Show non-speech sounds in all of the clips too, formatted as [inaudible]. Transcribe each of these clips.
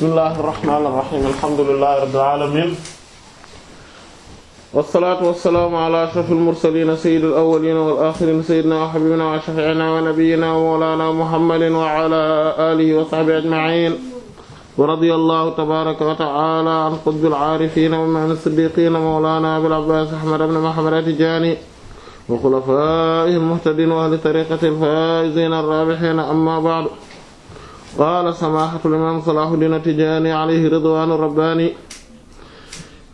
bismillah irrahman irrahim alhamdulilahi rabbil alamin wasalaatu wasalaamu ala ashraf almursalina sayid alawalina walaxirina sayidna wa xabibina wa shafiina wa nabiyina wa mawlana muhammadin wa ala alihi wa saxbi ajmain wa radi allahu tabaraka wa taala an qutbi alcaarifina wa man siddiqina mawlana abil abbaas ahmad ibn muhammad at-tijaani wa xulafaa'ihi almuhtadiin wa ahli tariqati alfaa'iziina arraabihiina amma ba'du qaala samaaxatul imaam Salaahuddin Tijaani alayhi ridwaanu rabbaani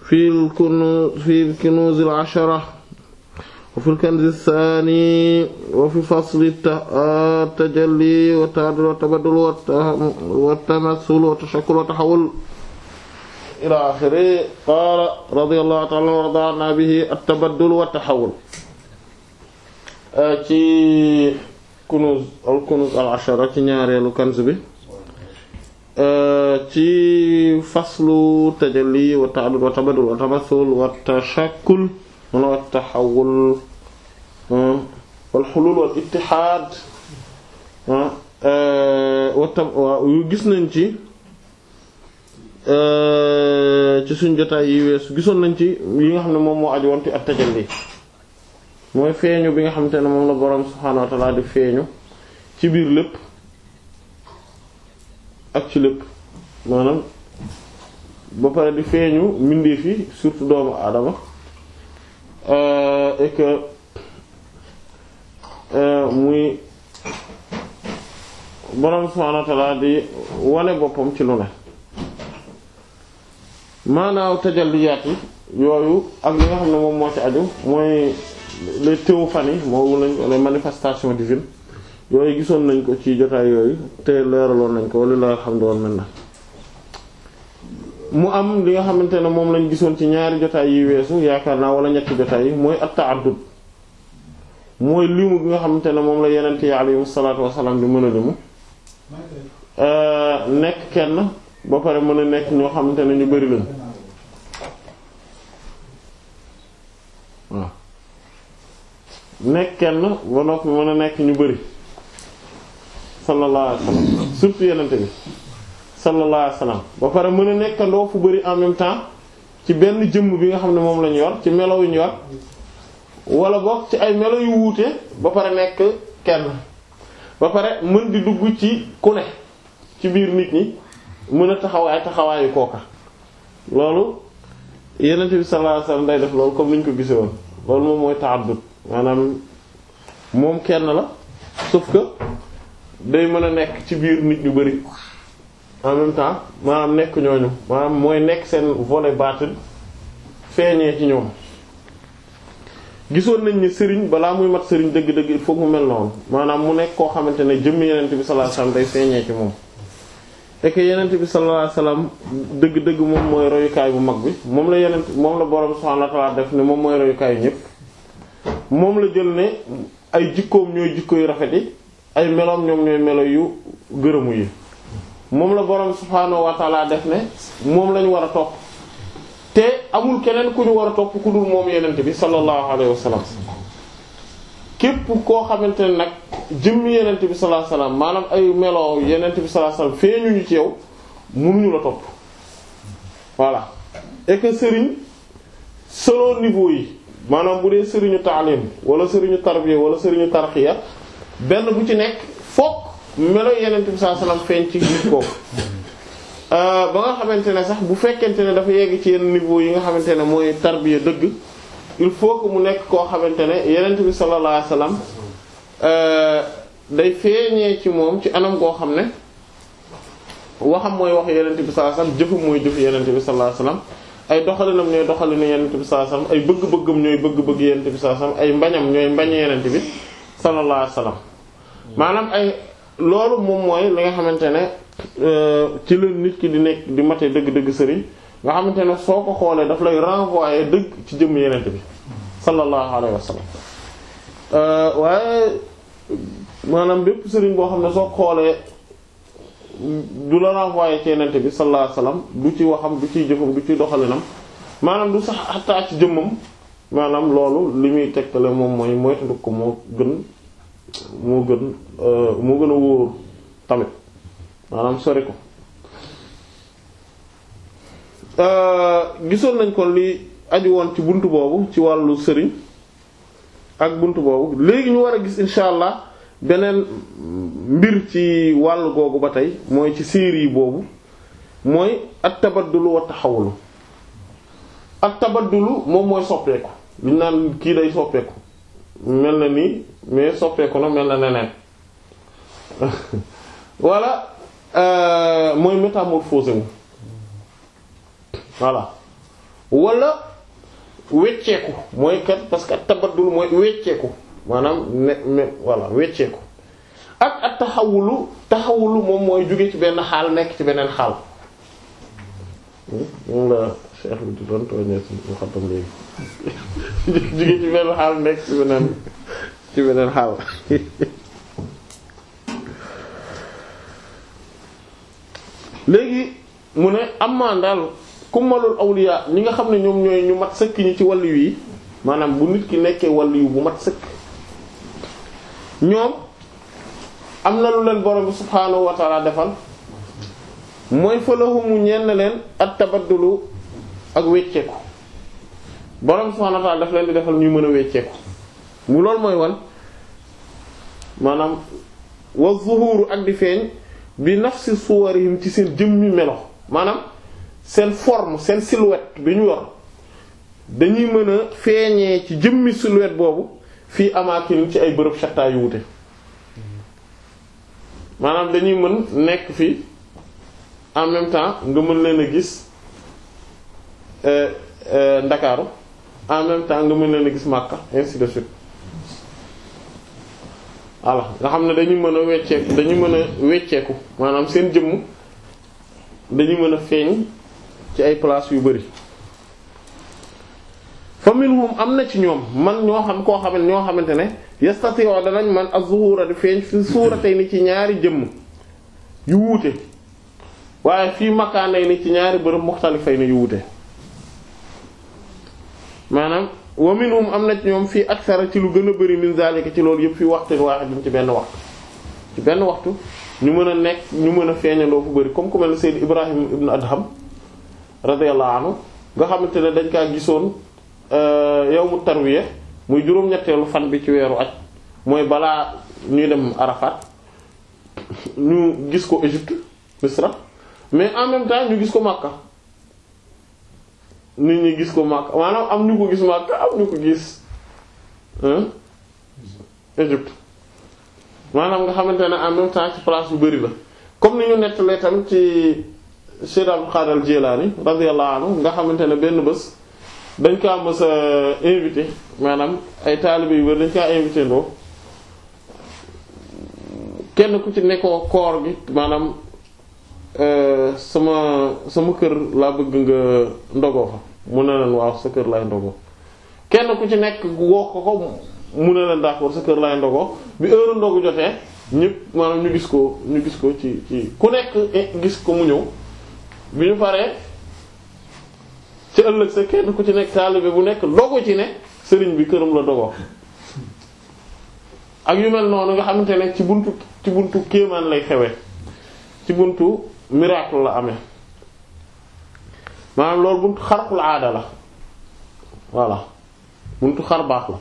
fil kunuuz fil kunuuzil ashara wa fil kanzis saani wa fi fasli tajalli wa tabaddul wa tamassul wa tashakkul wa tahawul ilaa aaxiri qaala radiyallaahu ta'aalaa wa radiya anna bihi at-tabaddul wa tahawul ci kunuz al kunuz al ashara ci ñaareelu kanz bi ci faslu tajalli wa ta'addud wa tabadul wa tamassul wa tashakkul wala wa tahawul wal hulul wal ittihad waaw gis nañ ci ci suñ jotaay yi weesu gisoon nañ ci yi nga xam ne moom moo aju woon ci at tajalli mooy feeñu bi nga xamante ne moom la boroom subhaanahu wa ta'aala di feeñu ci biir lépp ak ci lépp maanaam ba pare di feeñu mbindeef yi surtout doomu aadama euh, et euh, muy boroom subhaanahu wa di wane boppam ci lu ne maanaaw tajalliyaat yi yooyu ak li nga xam ne moom moo ci aju mooy les théophanies moomu lañ ko les manifestations divines yooyu gisoon nañ ko ci jotaay yooyu te leeraloon nañ ko walla alhamdulilah mel na mu am li nga xamante ne moom lañ gisoon ci ñaari jotaay yi weesu yaakaar naa wala ñetti jotaay yi mooy at-ta'addud mooy limu bi nga xamante ne moom la yeneen yi alayhi salaatu wa salaam di mën a limu euh, nekk kenn ba pare mën a nekk ñoo xamante ne ñu bari lañ. nekk kenn ba noppi mën a nekk ñu bari sallallahu alayhi wasallam surtout yenente bi sallallahu alayhi ba pare mën a nekkandoo fu bari en même temps ci benn jëmm bi nga xam ne moom lañu yor ci melo yu ñu yor wala boog ci ay melo yu wuute ba pare nekk kenn ba pare mën di dugg ci ku ci biir nit ñi mën a taxawaay taxawaayu kooka loolu yenente bi sallallahu alayhi wasallam day def loolu comme ni ñu ko gisee woon loolu moom mooy ta'addud maanaam moom kenn la sauf que day mën a nekk ci biir nit ñu bari en même temps maanaam nekk ñooñu maanaam mooy nekk seen volet baatin feeñee ci ñoom gisoon nañ ni sëriñ balaa muy mat sëriñ dëgg-dëgg il faut mu mel noonu maanaam mu nekk koo xamante ne jëmmi yenent bi sallallahu sa wasallam day feeñee ci moom et que yenent bi sallallahu alayhi wasallam dëgg-dëgg moom mooy royukaay bu mag bi moom la yenent moom la borom subhanahu wa def ne moom mooy royukaay yu ñépp moom la jël ne ay jikkoom ñooy jikko yu rafet yi ay meloom ñoom ñooy melo yu gërëmu yi moom la borom subhaanahu wa def ne moom lañu war a topp te amul keneen ku ñu war a topp ku dul moom yenent bi sallallahu alayhi wa sallam képp koo xamante ne nag jëmm yenent bi sallallahu alayhi maanaam ay melo yenent bi sallallahu alayhi wa sallam ñu ci yow mënuñu la topp voilà et sëriñ selon niveau yi maanaam bu dee sëriñu taalim wala sëriñu tarbiya wala sëriñu tarxiya benn bu ci nekk fokk melo yenent bi sallallahu alayhi wasallam feeñ ci nit kooku euh, ba nga xamante ne sax bu fekkente ne dafa yegg ci yenn niveau yi nga xamante ne mooy tarbiya dëgg il faut que mu nekk koo xamante ne yenent bi sallallahu alayhi wasallam euh, day feeñee ci moom ci anam koo xam ne waxam mooy wax yenent bi sallallahu alayhi wasallam jëfam mooy jëf yenent bi sallallahu alayhi ay doxalinam ñooy doxalinu yenent bi sallallahu alayhi ay bëgg-bëggam ñooy bëgg-bëgg yenent bi sallallahu alayhi ay mbañam ñooy mbañ yenent bi sallallahu alayhi wasallam maanaam loolu moom mooy li nga xamante ne euh, ci la nit ki di di mate dëgg-dëgg sëriñ nga xamante soo ko xoolee daf lay renvoyer dëgg ci jëm yenent bi sallallahu alayhi wasallam euh, waaye maanaam bépp sëriñ boo xam ne soo xoolee du la renvoyé ci yenente bi sallallahu alayhi wasallam du ci waxam du ciy jëfam du ci doxalinam maanaam du sax xataa ci jëmmam maanaam loolu li muy tegtale moom mooy mooy tanduk ko moo gën moo gën euh, gën a wóor tamit maanaam sori ko euh, gisoon nañ ko li aju woon ci bunt boobu ci wàllu sëriñ ak bunt boobu léegi ñu war a gis insha allah beneen mbir ci wàll googu ba tey mooy ci série boobu mooy at tabaddulu wa taxawulu at tabaddulu moom mooy soppeeku li naan kii day soppeeku mel na nii mais soppeeku na mel na neneen [laughs] voilà euh, mooy métamorphosé wu walla wala wecceeku mooy kat parce que at tabaddulu mooy wecceeku maanaam ne ne voilà wecceeku ak ak taxawulu taxawulu moom mooy jóge ci benn xaal nekk ci beneen xaal hmm? moom di doon tooñee ci muxaddam léegi [laughs] jóge ci benn ci beneen ci [laughs] léegi mu ne am daal kummalul awliya ñi nga xam ne ñoom ñooy ñu mat sëkk ñi ci wàllu yi maanaam bu nit ki nekkee wàllu bu mat sëkk ñoom am na lu leen borom bi subhaanahu wa defal mooy falahumu ñenn leen ak tabaddulu ak wecceeku borom subhaanahu wa taala daf leen di defal ñuy mën a wecceeku mu loolu mooy wan maanaam wa zuhuru ak di feeñ bi nafsi suwarihim ci seen jëmmi melo maanaam seen forme seen silhouette bi ñu yor dañuy mën a feeñee ci jëmmi silhouette boobu fii amaakin ci ay bërëb shatta yu wute maanaam dañuy mën nekk fii en même temps nga mën leen a gis euh, euh, Ndakaaru en même temps nga mën leen a gis Makka ainsi de suite voilà nga xam ne dañuy mën a wecceeku dañuy mën a wecceeku maanaam seen jëmm dañuy mën a feeñ ci ay place yu bari fa minhum am na ci ñoom man ñoo xam koo xamante ñoo xamante ne yastati'u danañ man az-zuhura di feeñ fi suuratayni ci ñaari jëmm yu wuute waaye fii makaanayni ci ñaari bërëb muxtalifayni yu wute maanaam wa minhum am na ci ñoom fii aksara ci lu gën a bari min zalika ci loolu yëpp fii waxtin waahidin ci benn waxtu ci benn waxtu ñu mën a nekk ñu mën a feeñandoo fu bari comme ku mel ne Seydou Ibrahim ibn Adham radiyallahu anhu nga xamante ne dañ kaa gisoon Euh, yawmu tarwiya muy juróom-ñetteelu fan bi ci weeru aj mooy balaa ñuy dem Arafat ñu gis ko Égypte Misra mais en même temps ñu gis ko Makka nit ñi gis ko Makka maanaam am ñu ko gis Makka am ñu ko gis Égypte maanaam nga xamante ne en même ci place bu bari la comme ni ñu nettalee tam ci Seyd Abdul Qadir al Jilani radiyallahu nga xamante ne benn bés dañ kaa am a invité maanaam ay taalibe yu bari dañ kaa invité ndoo kenn ku ci nekkoo koor gi maanaam euh, sama sama kër laa bëgg nga ndogoo fa sa kër laay kenn ku ci nekk woo ko ko mu ne leen d'accord sa kër laay ndogoo bi heure ndogu jotee ñépp maanaam ñu gis ko ñu gis ko ci ci ku nekk eh, gis ko mu ñëw bi ñu paree ci ëllëg sa kenn ko ci nekk taalibe bu nekk dogu ci ne sëriñ bi këram la dogoo ak yu mel noonu nga xamante ne ci buntu ci buntu kéemaan lay xewee ci buntu miracle la amee maanaam loolu buntu xarqul aada la voilà buntu xar baax la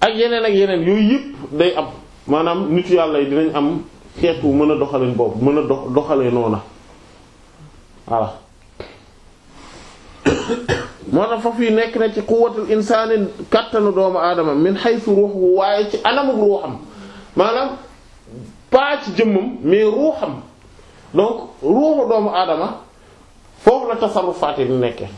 ak yeneen ak yeneen yooyu yëpp day am maanaam nitu yàlla yi dinañ am xeetu mën a doxalin boobu mën a dox doxalee noona voilà moo tax foofu yi nekk na ci quwwatul insaani kàttanu doomu aadama min haythu ruuhu waaye ci anamuk ruuxam maanaam pas ci jëmmam mais ruuxam donc ruuxu doomu aadama foofu la tasarrufaat yi nekke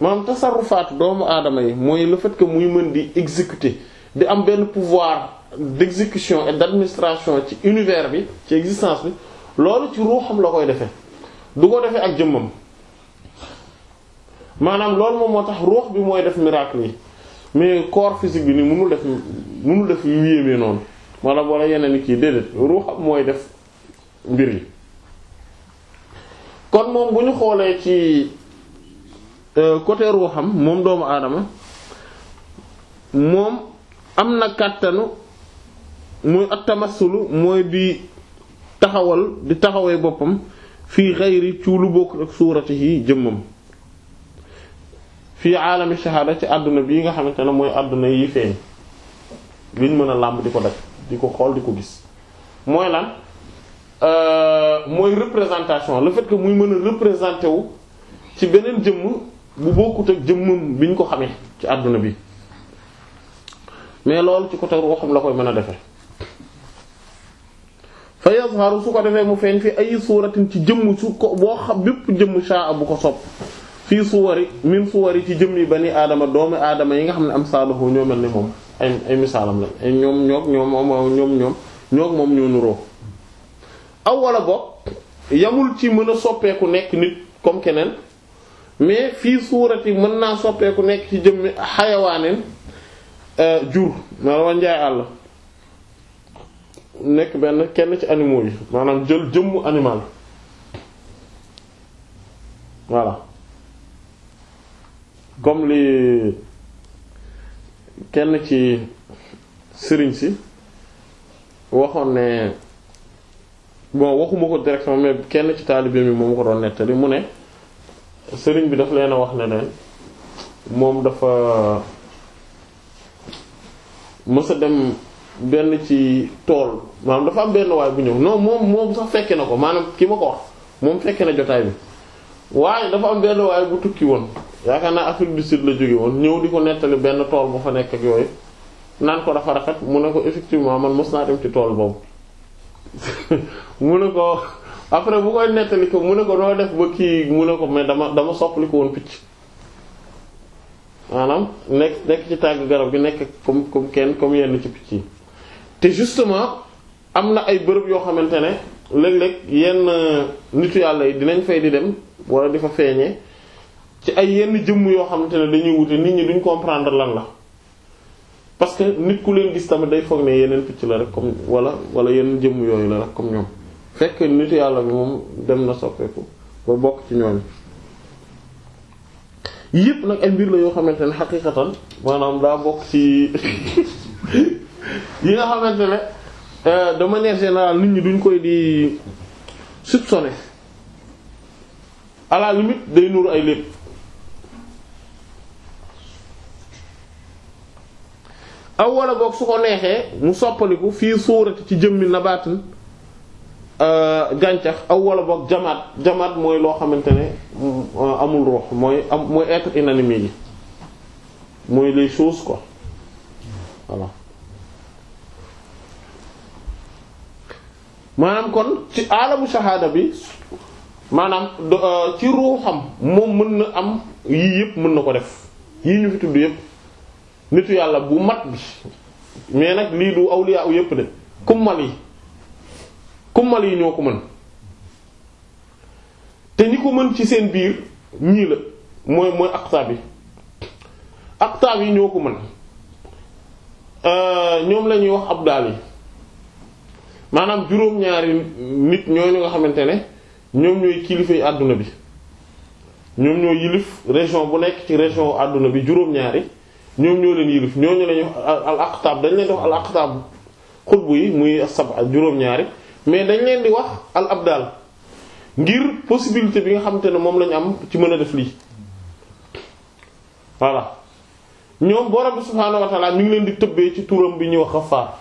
maanaam tasarrufaat doomu aadama yi mooy le fait que muy mën di exécuter di am benn pouvoir d'exécution et d'administration ci univers bi ci existence bi loolu ci ruuxam la koy defee du ko defee ak jëmmam maanaam loolu moom moo tax ruux bi mooy def miracle yi mais corps physique bi ni mënul def mënul def yu yéemee noonu wala wala yeneen kii déedéet ruuxam mooy def mbir yi kon moom bu ñu xoolee ci euh, côté ruuxam moom doomu aadama moom am na kàttanu muy attamasulu mooy di taxawal di taxawee boppam fii xayri ci lu bokk ak suuratihi jëmmam fii aalami shahaada ci àdduna yi nga xamante ne mooy àdduna yi feeñ liñ mën a làmb di ko daj di ko xool di ko gis mooy lan euh, mooy représentation la fait que muy mën a représenté wu ci beneen jëmm bu bokkut ak jëmmam biñ ko xamee ci àdduna bi mais loolu ci côté ruuxam la koy mën a defee fa yazharu su ko defee mu feeñ fi ay suuratin ci jëmm su ko boo xam bépp jëmm saa bu ko sopp fii suwari min suwari ci jëmmi bani aadama doomu aadama yi xam ne am saaluhu ñoo mel ni moom ay la ay ñoom ñoog ñoom ñoom ñoom ñoog moom ñoo nuroo aw wala ci mën a soppeeku nekk nit comme keneen mais fii suurati mën naa soppeeku nekk ci jëmmi xayawaaneen euh, jur ma wa njaay àll nekk benn kenn ci animaux yi maanaam jël jëmmu animal voilà comme li kenn ci sëriñ si waxoon ne bon waxuma ko directement mais kenn ci taalibe mi moom ko doon nettali mu ne sëriñ bi daf leen a wax ne moom dafa mësa dem benn ci tool maanaam dafa am benn waay bu ñëw non moom moom sax fekke na ko maanaam ki ma ko wax moom fekke na jotaay bi waaye dafa am benn waay bu tukki woon yaakaar naa Afrique du Sud la jóge woon ñëw di ko nettali benn tool bu fa nekk ak yooyu naan ko dafa rafet mu ne ko effectivement man mos naa dem ci tool boobu [laughs] mu ne ko après bu koy nettali ko mu ne ko noo def ba kii mu ne ko mais dama dama soppali woon picc maanaam nekk nekk ci tàgg garab gi nekk comme comme kenn comme yenn ci picc yi te justement am na ay bërëb yoo xamante ne léeg-léeg yenn euh, nitu yàlla yi dinañ fay di dem wala di fa feeñee ci ay yenn jëmm yoo xamante ne dañuy wute nit ñi duñ comprendre lan la parce que nit ku leen gis tamit day foog ne yeneen picc la rek comme wala wala yenn jëmm yooyu la rek comme ñoom fekk nitu yàlla bi moom dem na soppeeku ba bokk ci ñoom yépp nag ay mbir la yoo xamante ne xaqiqatan maanaam daa bokk ci [laughs] li nga xamante ne euh, de manière générale nit ñi duñ koy di soupçonner à la limite day nuru ay lépp aw wala boog su ko neexee mu soppaliku fii suurati ci jëmmi nabaatin euh, gàncax aw wala boog jamaat jamaat mooy loo xamante ne euh, amul ruux mooy am mooy être inanimé yi mooy les choses quoi voilà maanaam kon ci alamu shahada bi maanaam euh, ci ruuxam moom mën na am yii yëpp mën na ko def yii ñu fi tudd yëpp nitu yàlla bu mat bi mais nag lii du awliya u yëpp de kummal yi kummal yi ñoo ko mën te ñi ko mën ci seen biir ñii la mooy mooy aqtaab yi aqtaab yi ñoo ko mën euh, ñoom la ñuy wax abdaal yi maanaam juróom-ñaari nit ñooñu nga xamante ne ñoom ñooy kilifa àdduna bi ñoom ñoo yilif région bu nekk ci région wu àdduna bi juróom-ñaari ñoom ñoo leen yilif ñooñu lañu al aqtaab dañ leen di wax al aqtaab xutbu yi muy sab'a juróom-ñaari mais dañ leen di wax al abdal ngir possibilité bi nga xamante ne moom lañu am ci mën a def lii voilà ñoom boo bi subhaanahu wa ta'ala mi ngi leen di tëbbee ci turam bi ñuy wax xafaar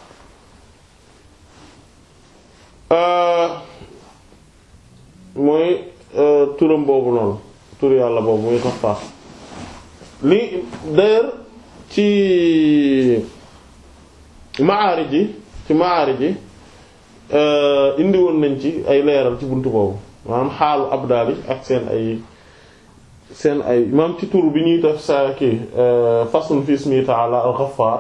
Euh, mooy euh, turam boobu noonu tur yàlla boobu muy Ghaffaar li d'ailleurs ci Ma'aarij ji ci Ma'aarij ji euh, indi woon nañ ci ay leeral ci bunt boobu maanaam xaalu daal yi ak seen ay seen ay maam ci tur bi ñuy def sa kii façon fi ismi ta'ala al-Ghaffaar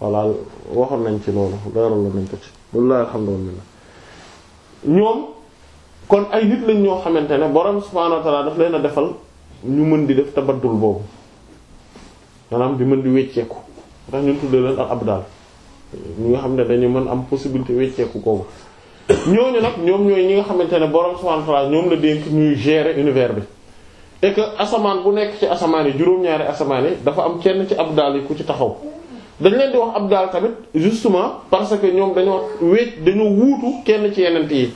voilà waxoon nañ ci loolu leeral la nañ ko ci wallahi alhamdulillah ñoom kon ay nit lañ ñoo xamante ne borom subhaanahu wa daf leen a defal ñu mën di def tabaddul boobu maanaam di mën di wecceeku ndax ñu tuddee leen al abdal ñi nga xam ne dañu mën am possibilité kooku koobu ñooñu nag ñoom ñooy ñi nga xamante ne borom subhaanahu wa ñoom la dénk ñuy gérer univers bi et que asamaan bu nekk ci asamaan yi juróom-ñaari asamaan yi dafa am kenn ci abdal yi ku ci taxaw dañ leen di wax ab gaal tamit justement parce que ñoom dañoo wéet dañoo wuutu kenn ci yenent yi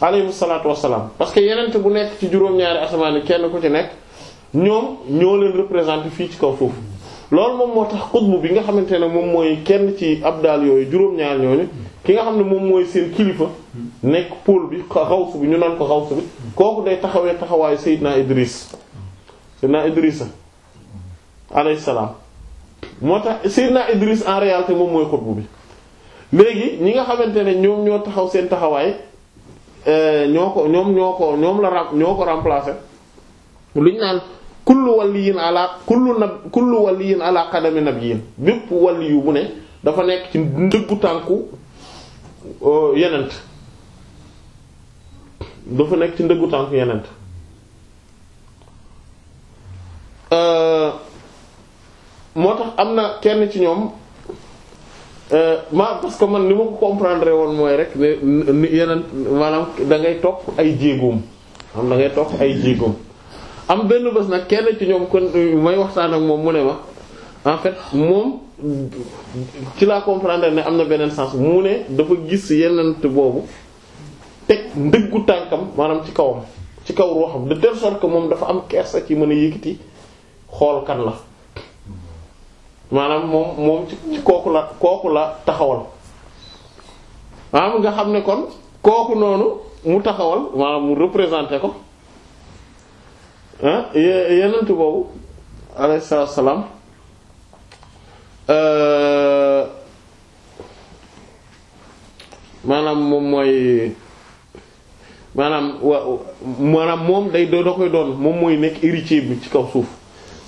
aleyhum salaatu salaam parce que yenent bu nekk ci juróom-ñaari asamaan yi kenn ko ci nekk ñoom ñoo leen représenté fii ci kaw suuf loolu moom moo tax xutb bi nga xamante ne moom mooy kenn ci ab daal yooyu juróom-ñaar ñooñu ki nga xam ne moom mooy seen kilifa nekk pôle bi xawsu bi ñu naan ko xawsu bi kooku day taxawee taxawaayu Seydina Idris Seydina Idrisa alayhi salaam moo tax Seydina Idris en réalité moom mooy xutbu bi léegi ñi nga xamante ne ñoom ñoo taxaw seen taxawaay euh, ñoo ko ñoom ñoo ko ñoom la ñoo ko remplacer lu ñu naan kullu waliyin ala kullu nab yiin waliyin ala qadami nabiyyin bépp waliyu bu ne dafa nekk ci ndëggu tànku euh, yenent dafa nekk ci ndëggu tànku yenent euh, moo tax am na kenn ci ñoom euh, ma parce que man ni ma ko comprendre woon mooy rek ne yeneen maanaam da ngay topp ay jéegoom am da ngay topp ay jéegoom am benn bés nag kenn ci ñoom kon euh, may waxtaan ak moom mu ne ma en fait moom ci laa comprendre ne am na beneen sens mu ne dafa gis yeneen boobu teg ndëggu tànkam maanaam ci kawam ci kaw ruuxam de telle ko moom dafa am kers kersa ci mën a yëkkati xool kan la. maanaam moom moom ci kooku la kooku la taxawal maanaam nga xam ne kon kooku noonu mu taxawal maanaam mu représenté ko ah yenent boobu alayhi salaatu euh, maanaam moom mooy maanaam wa maanaam moom day doo da koy doon moom mooy nekk héritier bi ci kaw suuf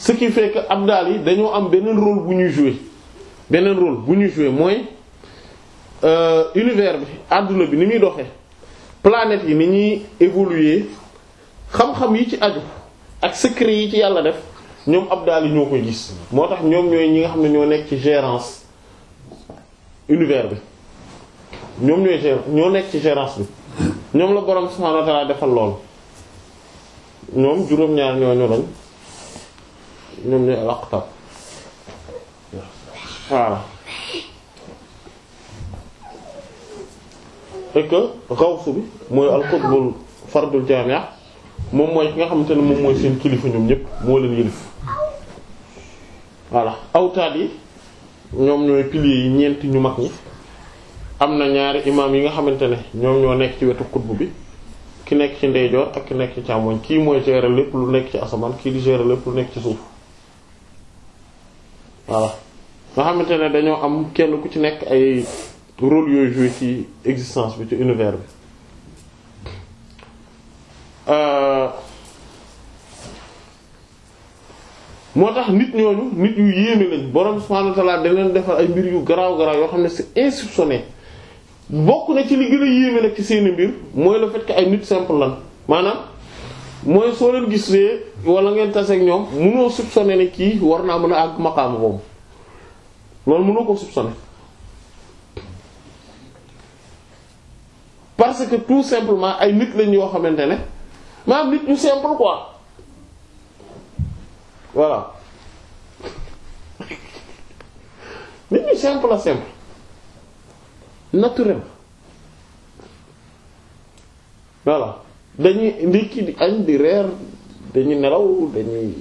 ce fekk fait daal yi dañoo am beneen rôle bu ñuy jouer beneen rôle bu ñuy jouer mooy euh, univers bi àdduna bi ni muy doxee planètes yi ni ñuy évoluer xam-xam yi ci aju ak secret yi ci yàlla def ñoom abdal yi ñoo koy gis moo tax ñoom ñooy ñi nga xam ne ñoo nekk ci gérance univers bi ñoom ñooy gérer ñoo nekk ci gérance bi ñoom la borom subhanahu wa defal lool ñoom juróom-ñaar ñooñu lañ ñoom ñooy al waaw et que bi mooy al qutbul fardul jaami'a moom mooy ki nga xamante ne moom mooy seen kilifa ñoom ñëpp moo leen yëlif voilà awtaat yi ñoom ñooy piliers yi ñeenti ñu mag ñi am na ñaari imaam yi nga xamante ne ñoom ñoo nekk ci wetu xutbu bi ki nekk ci ndeyjoor ak ki nekk ci càmmoñ kii mooy gérer lépp lu nekk ci asamaan kii di gérer lépp lu nekk ci suuf voilà nga xamante ne dañoo am kenn ku ci nekk ay rôle yooyu joué ci existence bi ci univers bi euh, moo tax nit ñooñu nit yu yéeme lañ borom subhaanahu wa leen defal ay mbir yu garaaw garaaw yoo xam ne c'est insoupçonné bokk na ci li gën a yéeme nag ci seeni mbir mooy la fait ay nit simple lan maanaam mooy soo leen gisee wala ngeen taseeg ñoom mënoo soupçonner ne kii war naa mën a àgg maqaama boobu loolu mënoo ko soupçonner parce que tout simplement ay nit lañ yoo xamante ne maanaam nit ñu simple quoi voilà nit ñu simple la simple naturel voilà dañuy ndikki di añ di reer dañuy nelaw dañuy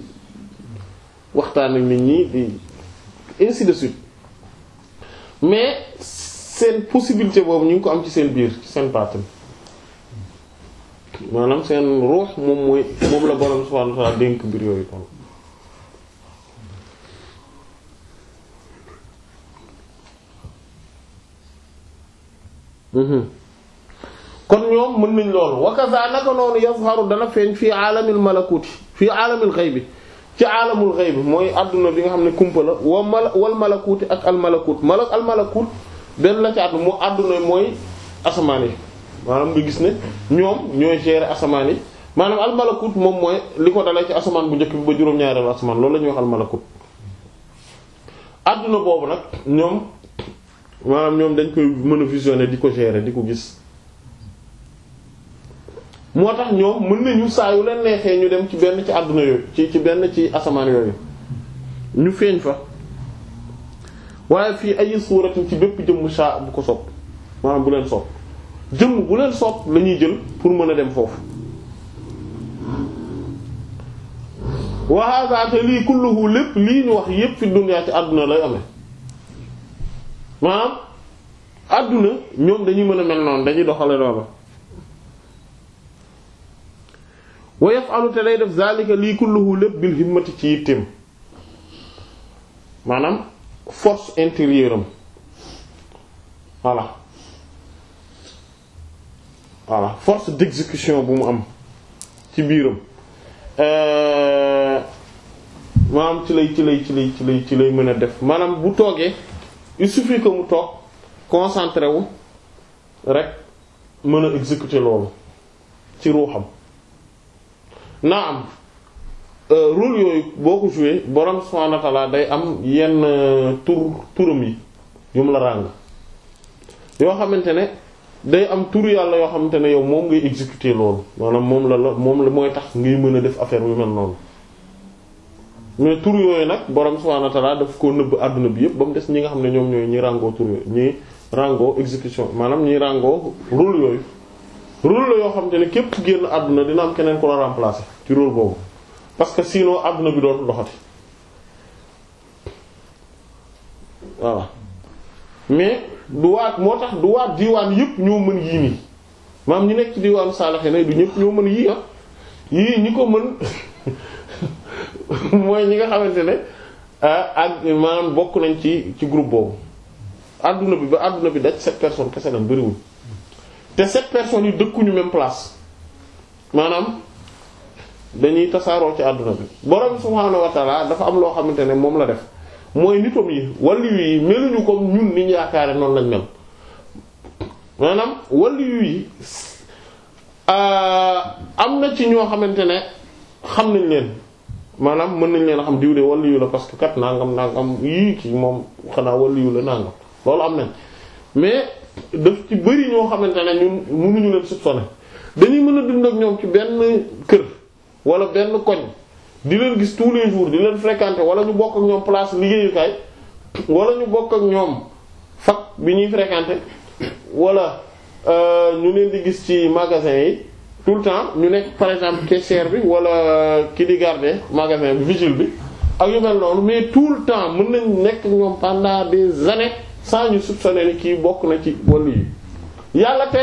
waxtaan ak nit ñi di ainsi de suite mais seen possibilité boobu ñu ngi ko am ci seen biir ci seen baatin maanaam seen ruux moom mooy moom la borom subhanahu dénk mbir yooyu kon kon ñoom mën nañ loolu wakaza naka noonu yazharu dana feeñ fii aalamil malakuuti fii aalamil bi ci aalamul xayb mooy àdduna bi nga xam ne kumpa la wa mala wal malakuuti ak al malakut malak al malakut benn la ci àdduna moo àdduna mooy asamaan yi maanaam gis ne ñoom ñooy gérer asamaan yi maanaam al malakut moom mooy li ko dalee ci asamaan bu njëkk bi ba juróom-ñaareelu asamaan loolu la ñuy wax al malakut àdduna boobu nag ñoom maanaam ñoom dañ koy mën a visionner di ko gérer di ko gis moo tax ñoom mën nañu saa yu leen neexee ñu dem ci benn ci àdduna yooyu ci ci benn ci asamaan yooyu ñu feeñ fa waaye fii ay suuratin ci bépp jëmm saa bu ko sopp maanaam bu leen sopp jëmm bu leen sopp la ñuy jël pour mën a dem foofu wa hadha te lii kulluhu lépp lii ñu wax yépp fi dunyaa ci àdduna lay amee maanaam àdduna ñoom dañuy mën a mel noonu dañuy doxale loolu woy yaf'alu te day def zalika lii kulluhu lépp bil himmati ci yitteem maanaam force intérieure am voilà voilà force d'exécution bu mu am ci biiram euh, maanaam ci lay ci lay ci lay ci lay ci lay mën a def maanaam bu toogee il ko mu toog concentré wu rek mën a exécuter loolu ci ruuxam naa am euh, rôle yooyu boo ko joué borom subhaanahu wa day am yenn euh, tur turam yi yu mu la ràng yoo xamante ne day am tur yàlla yoo xamante ne yow moom ngay exécuter loolu maanaam moom la la moom la mooy tax ngay mën a def affaire mu mel noonu mais tur yooyu nag borom subhaanahu wa ta'aala daf koo nëbb àdduna bi yëpp ba mu des ñi nga xam ne ñoom ñooy ñi ràngoo tur yooyu ñi ràngoo exécution maanaam ñi ràngoo rôle yooyu. rôle la yoo xam ne képp génn àdduna dina am keneen ku la remplacer ci rôle boobu parce que sinon àdduna bi dootul doxati voilà mais du waat moo tax du waat diwaan yëpp ñoo mën yii nii maam ñu nekk ci diwaanu saalaxe na du ñëpp ñoo mën yii ah yii ñi ko mën [laughs] mooy ñi nga xamante ne ah, ak maanaam bokk nañ ci ci groupe boobu àdduna bi ba àdduna bi daj sept personnes kese lañ bariwul te sept personnes yi dëkkuñu même place maanaam dañuy tasaaroo ci àdduna bi borom subhaanahu wa dafa am loo xamante ne moom la def mooy nitam yi waliyu yi meluñu comme ñun ni yaakaare noonu lañ mel maanaam waliyu yi euh, am na ci ñoo xamante ne xam nañ leen maanaam mën nañ leen a xam diw de waliyu la parce que kat nangam nangam yii kii moom xanaa waliyu la nangam loolu am nañ mais. daf ci bëri ñoo xamante ne ñun mënuñu leen soupçonner dañuy mën a dund ak ñoom ci benn kër wala benn koñ di leen gis tous les jours di leen fréquenter wala ñu bokk ak ñoom place liggéeyukaay wala ñu bokk ak ñoom fac bi ñuy fréquenter wala euh, ñu leen di gis ci magasin yi tout le temps ñu nekk par exemple caissière bi wala euh, ki di garde magasin bi vigile bi ak yu mel noonu mais tout le temps mën nañ nekk ñoom pendant des années. sans ñu soupçonner ni kii bokk na ci wàllu yi yàlla te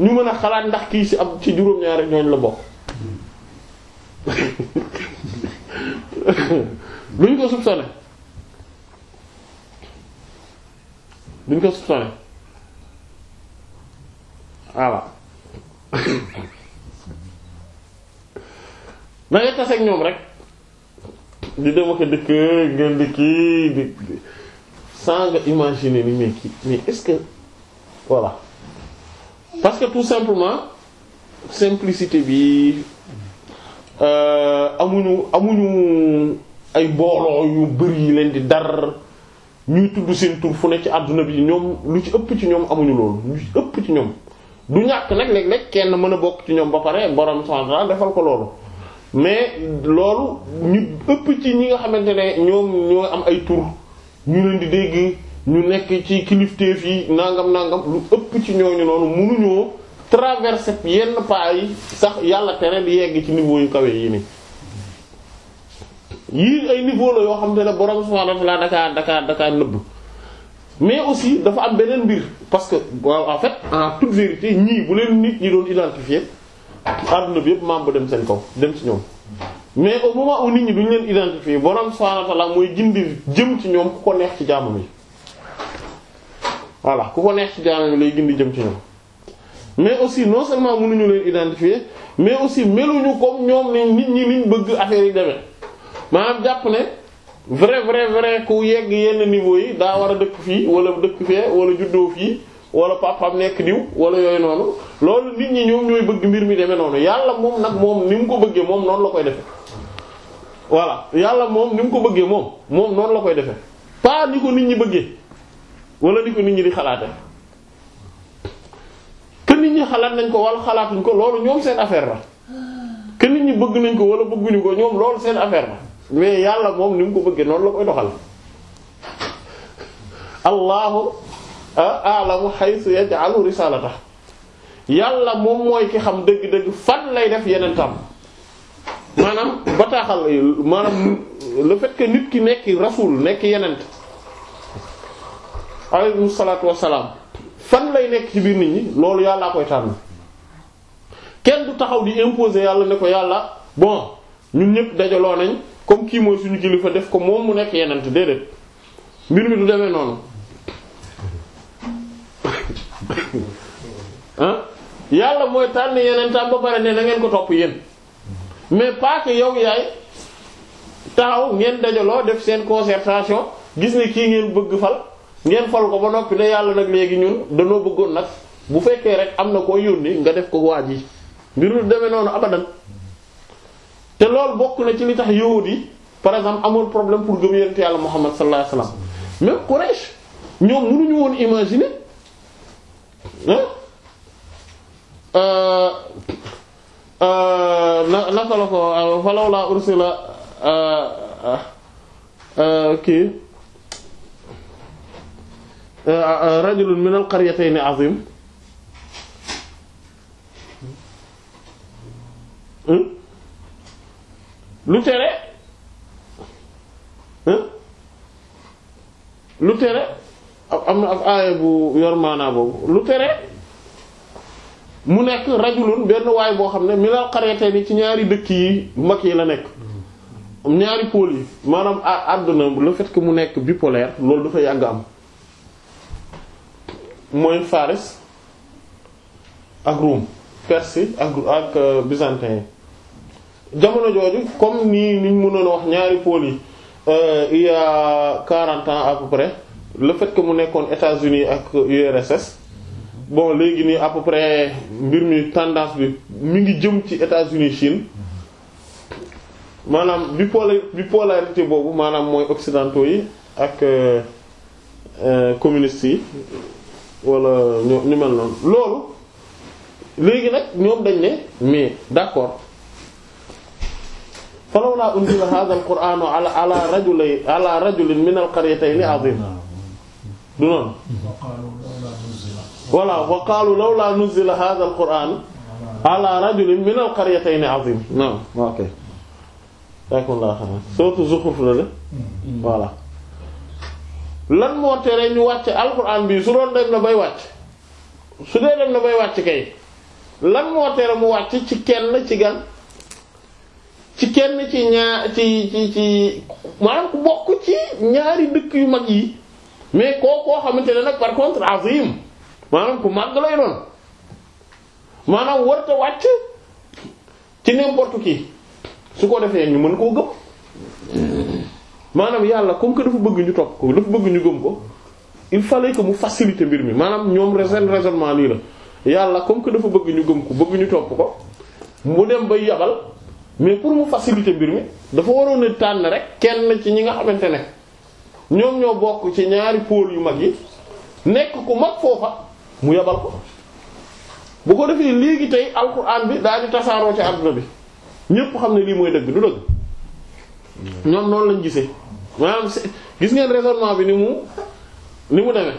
ñu mën a xalaat ndax kii ci ab ci juróom-ñaari ñooñ la bokk luñ [laughs] ko soupçonner luñ ko soupçonner voilà [coughs] da ngay ñoom rek di dem ak dëkk ngeen di sans nga imaginer ni mais kii mais est-ce que voilà parce que tout simplement simplicité bi euh, amuñu amuñu ay mbooloo yu bëri yi leen di dar ñuy tudd seen tur fu ne ci àdduna bi ñoom lu ci ëpp ci ñoom amuñu loolu lu ci ëpp ci ñoom du ñàkk nag léeg-léeg kenn mën a bokk ci ñoom ba pare borom central defal ko loolu mais loolu ñu ëpp ci ñi nga xamante ne ñoom ñoo am ay tur ñu leen di dégg ñu nekk ci kilifteef yi nangam nangam lu ëpp ci ñooñu noonu mënuñoo traverser yenn paa yi sax yàlla tere di yegg ci niveau yu kawe yii nii. yii ay niveau la yoo xam te ne borom subhanahu wa ta'ala daka daka daka nëbb mais aussi dafa am beneen mbir parce que en fait en toute vérité ñii bu leen nit ñi doon identifier àdduna bi yëpp membre dem seen kaw dem ci ñoom. mais au moment où nit ñi duñ leen identifier borom subhaanahu wa ta'aala mooy gindi jëm ci ñoom ku ko neex ci jaamam yi voilà ku ko neex ci jaamam yi lay gindi jëm ci ñoom mais aussi non nu ñu leen identifier mais aussi meluñu comme ñoom ne nit ñi liñ bëgg affaire yi maa maanaam jàpp ne vrai vrai vrai ku yegg yenn niveau yi daa war a dëkk fii wala dëkk fee wala juddoo fii wala papam nekk diw wala yooyu noonu loolu nit ñi ñoom ñooy bëgg mbir mi demee noonu yàlla moom nag moom ko bëggee moom noonu la koy defee. voilà yàlla moom ni mu ko bëggee moom moom noonu la koy defe pas ni ko nit ñi bëggee wala ni ko nit ñi di xalaate que nit ñi xalaat nañ ko wala xalaatuñ ko loolu ñoom seen affaire la que nit ñi bëgg nañ ko wala bëgguñu ko ñoom loolu seen affaire la mais yàlla moom ni mu ko bëggee noonu la koy doxal allahu alamu haythu yaj'alu risalata yàlla moom mooy ki xam dëgg-dëgg fan lay def yeneen tam maanaam bataaxal maanaam le fekk nit ki nekk rasul nekk yenent alayhi salaatu wassalaam fan lay nekk ci biir nit ñi loolu yàllaa koy tànn kenn du taxaw di imposer yàlla ne ko yàlla bon ñun ñëpp dajaloo nañ comme kii mooy suñu kilifa def ko moom mu nekk yenent déedéet mbir mi du demee noonu ah [laughs] yàlla mooy tànn yenentaam ba pare ne na ngeen ko topp yéen mais pas que yow yaay taxaw ngeen dajaloo def seen consertation gis ne kii ngeen bëgg fal ngeen fal ko ba noppi ne yàlla nag léegi ñun danoo bëggoon nag bu fekkee rek am na koo yónni nga def ko waa yi mbir lu demee noonu abadan te loolu bokk na ci li tax yahud yi par exemple amul problème pour gëm yonent yàlla Muhammad sallallahu alayhi wasallam même Quraysh ñoom mënuñu woon imaginer ah. Euh, na la ko euh, falaw laa ursila euh, kii rajulun min al qaryatayn azim hmm? lu tere hmm? lu tere am na aaya bu yor boobu lu tere mu nekk rajulun benn waay boo xam ne minal qaryatayni ci ñaari dëkk yi mag yi la nekk ñaari pôle yi maanaam àdduna la fait que mu nekk bipolaire loolu dafa yàgg am mooy Faris ak Rome Perse ak ak euh, byzantin jamono jooju comme nii niñ mënoon wax ñaari pôle yi euh, il y a 40 ans à peu près le fait mu nekkoon États-Unis ak URSS bon léegi nii à peu près mbir mi tendance bi mi ngi jëm ci États-Unis Chine maanaam bipolar bipolarité boobu maanaam mooy occidentaux yi ak euh, euh, communistes yi wala ñoo ñu mel noonu loolu léegi nag ñoom dañ ne mais d'accord falawlaa unzila hadha al-qur'anu ala ala rajulin ala rajulin min al-qaryatayni du noonu voilà wa qaalu lawlaa nuzila hadha al-qur'an ala rajulin min al-qaryatayn azim non ok taykon laa xanaa surtout de voilà lan moo tere ñu wàcc alquran bi su doon dem na bay wàcc su dee dem na bay wàcc kay lan moo tere mu wàcc ci kenn ci gan ci kenn ci ñaar ci ci ci maanaam ku bokk ci ñaari dëkk yu mag yi mais koo koo xamante ne par contre azim maanaam ko màgg lay doon maanaam warta wàcc ci n'importe kii su ko defee ñu mën koo gëm maanaam yàlla comme que dafa bëgg ñu topp ko dafa bëgg ñu gëm ko il fallait que mu faciliter mbir mi maanaam ñoom seen raisonnement lii la yàlla comme que dafa bëgg ñu gëm ko topp ko mu dem ba yabal mais pour mu faciliter mbir mi dafa waroon a tànn rek kenn ci ñi nga xamante ne ñoom ñoo bokk ci ñaari pôle yu mag yi nekk ku mag foofa mu yebal ko bu ko defee léegi tey alxuraan bi daal di tasaaroo ci àdduna bi ñépp xam ne lii mooy dëgg du dëgg ñoom noonu lañ gisee maanaam gis ngeen raisonnement bi ni mu ni mu demee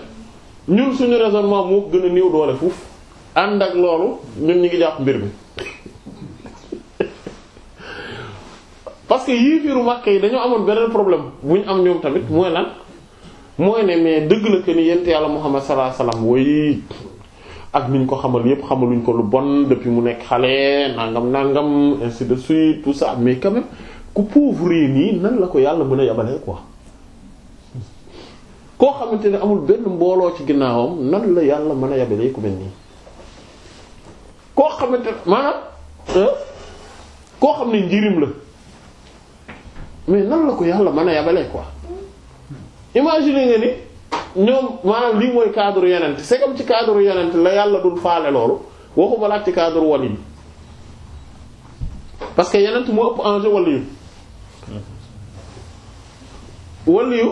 ñun suñu raisonnement moo gën a néew doole fuuf ànd ak loolu ñun ñu ngi jàpp mbir bi [laughs] parce que yii fiiru Makka yi dañoo amoon beneen problème bu ñu am ñoom tamit mooy lan mooy ne mais dëgg la que ni yent yàlla Muhammad sallallahu alayhi wasallam woy ak niñ ko xamal yépp xamaluñ ko lu bon depuis mu nekk xale nangam nangam ainsi de suite tout ça mais quand même ku pauvre nii nan la ko yàlla mën a yabalee quoi koo xamante ne amul benn mbooloo ci ginnaawam nan la yàlla mën a yabalee ku mel nii koo xamante maanaam koo xam ne njirim la mais nan la ko yàlla man a yabalee ko imagine nga ni ñoom maanaam lii mooy cadre yonent c'est comme ci cadre yonent la yàlla dul faale loolu waxuma laaj ci cadre wali yi parce que yonent moo ëpp enjeu wali yu wali yu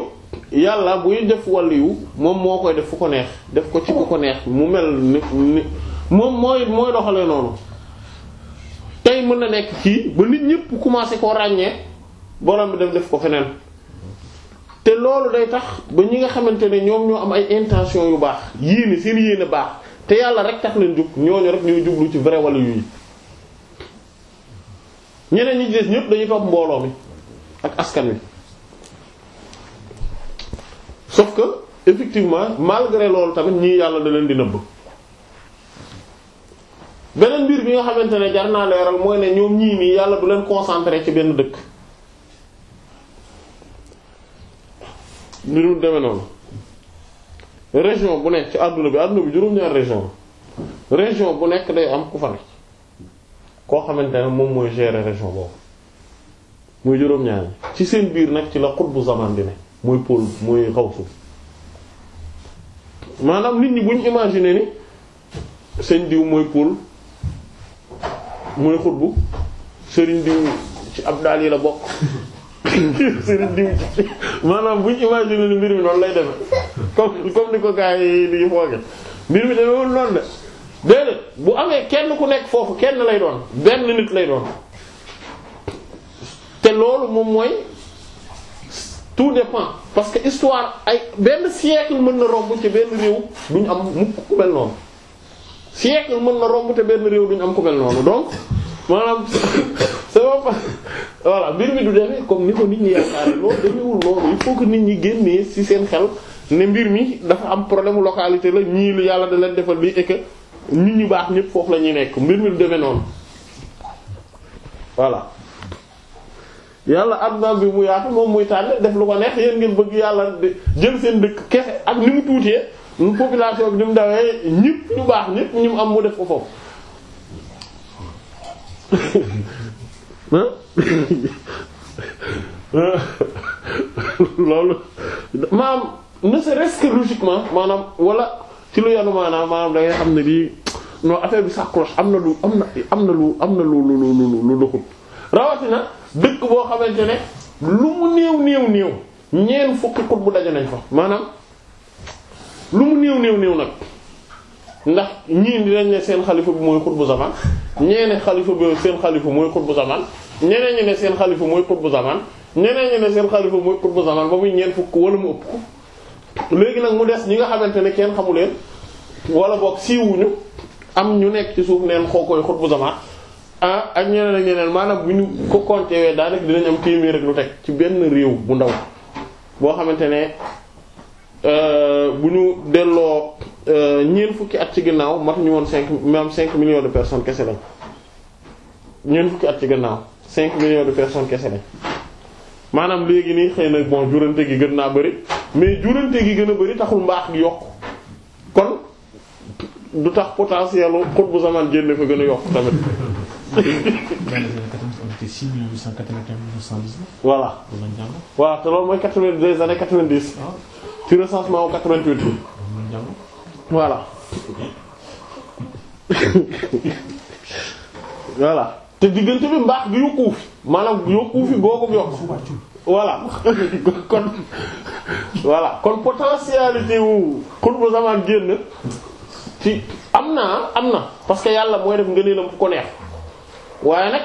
yàlla buy def wali yu moom moo koy def fu ko neex def ko ci ku ko neex mu mel ni ni moom mooy mooy doxalee noonu tey mën na nekk kii ba nit ñëpp commencé koo ràññee borom bi dem def ko feneen te loolu day tax ba ñi nga xamante ne ñoom ñoo am ay intention yu baax yéene seen yéene baax te yàlla rek tax leen jug ñooñu rek ñooy jublu ci vrai wala yuy ñeneen ñi des ñëpp dañuy topp mbooloo mi ak askan wi sauf que effectivement malgré loolu tamit ñii yàlla da leen di nëbb beneen mbir bi nga xamante ne jar naa leeral mooy ne ñoom ñii nii yàlla bu leen concentré ci benn dëkk mbiru deme noonu région bu nekk ci àdduna bi àdduna bi juróom bu nekk day am ku koo xamante ne moom mooy gérer région boobu muy juróom ci seen biir nag ci la xutbu zaman ne mooy pôle mooy xaw maanaam nit ñi buñ imaginer ni seen diw mooy pôle mooy xutbu sëriñ diw ci ab abdaal yi la bokk sëriñ diw ci maanaam buñ imaginer ni mbir mi noonu lay defe comme comme ni ko gars yi di fooge mbir mi demewul noonu de déedéet bu amee kenn ku nekk foofu kenn lay doon benn nit lay doon te loolu moom mooy tout dépend parce que histoire ay benn siècle mën na romb ci benn réew duñ am mukk ku mel noonu siècle mën na romb te benn réew duñ am ku mel noonu donc maanaam sama [coughs] voilà mbir mi du demee comme ni ko nit ñi yaakaare loolu demewul loolu il faut nit ñi génnee ci seen xel ne mbir mi dafa am problème localité la ñii lu yàlla da leen defal lii et que nit ñu baax ñëpp foofu la ñuy nekk mbir mi du demee noonu voilà yàlla adduna bi mu yaatu moom muy tànn def lu ko neex yéen ngeen bëgg yàlla jël seen dëkk kese ak ni mu tuutee population bi ni mu dawee ñëpp ñu baax ñëpp ñu am mu def ko foofu loolu maanaam ne serait-ce logiquement maanaam wala ci lu yanu maanaam maanaam da ngay xam lii non affaire bi s'accroche am na lu am na am na lu am na lu lu lu lu lu doxul rawatina dëkk boo xamante ne lu mu néew néew néew ñeent fukki xut bu daje nañ fa maanaam lu mu néew néew néew nag. ndax ñii dinañ ne seen xalifa bi mooy xutbu zaman ñee ne xalifa bi seen xalifa mooy xutbu bu ñeneen ñi ne seen xalifa mooy xutbu zaman ñeneen seen xalifa mooy xutbu zaman ba muy ñeent fukk wala mu ëpp léegi nag mu des ñi nga xamante ne kenn xamu leen wala boog siiwuñu am ñu nekk ci suuf neen xoo koy xutbu zaman ah ak ñeneen ak maanaam bu ñu ko compter wee daa rek dinañ am téeméer rek lu teg ci benn réew bu ndaw boo xamante ne euh, bu ñu delloo Euh, ñeent fukki at ci gannaaw matuñu woon cinq même cinq millions de personne kese lañ ñeent fukki at ci gannaaw cinq millions de personnes kese lañ maanaam léegi nii xëy na bon jurante gi gën naa bari mais jurante gi gën a bari taxul mbaax gi yokk kon du tax potentiel xut bu zaman génne ko gën a yokk tamit. [laughs] voilà. voilà te loolu mooy quatre-vingt-deux années quatre-vingt-dix. ci ah. recensement wu quatre vingt voilà voilà te diggante bi mbaax gi yokkuuf maanaam yokkuufi googu yokk voilà kon voilà kon potentialité wu xutbu zaman génn ci am na am na parce que yàlla mooy def ngëneelam fu ko neex waaye nag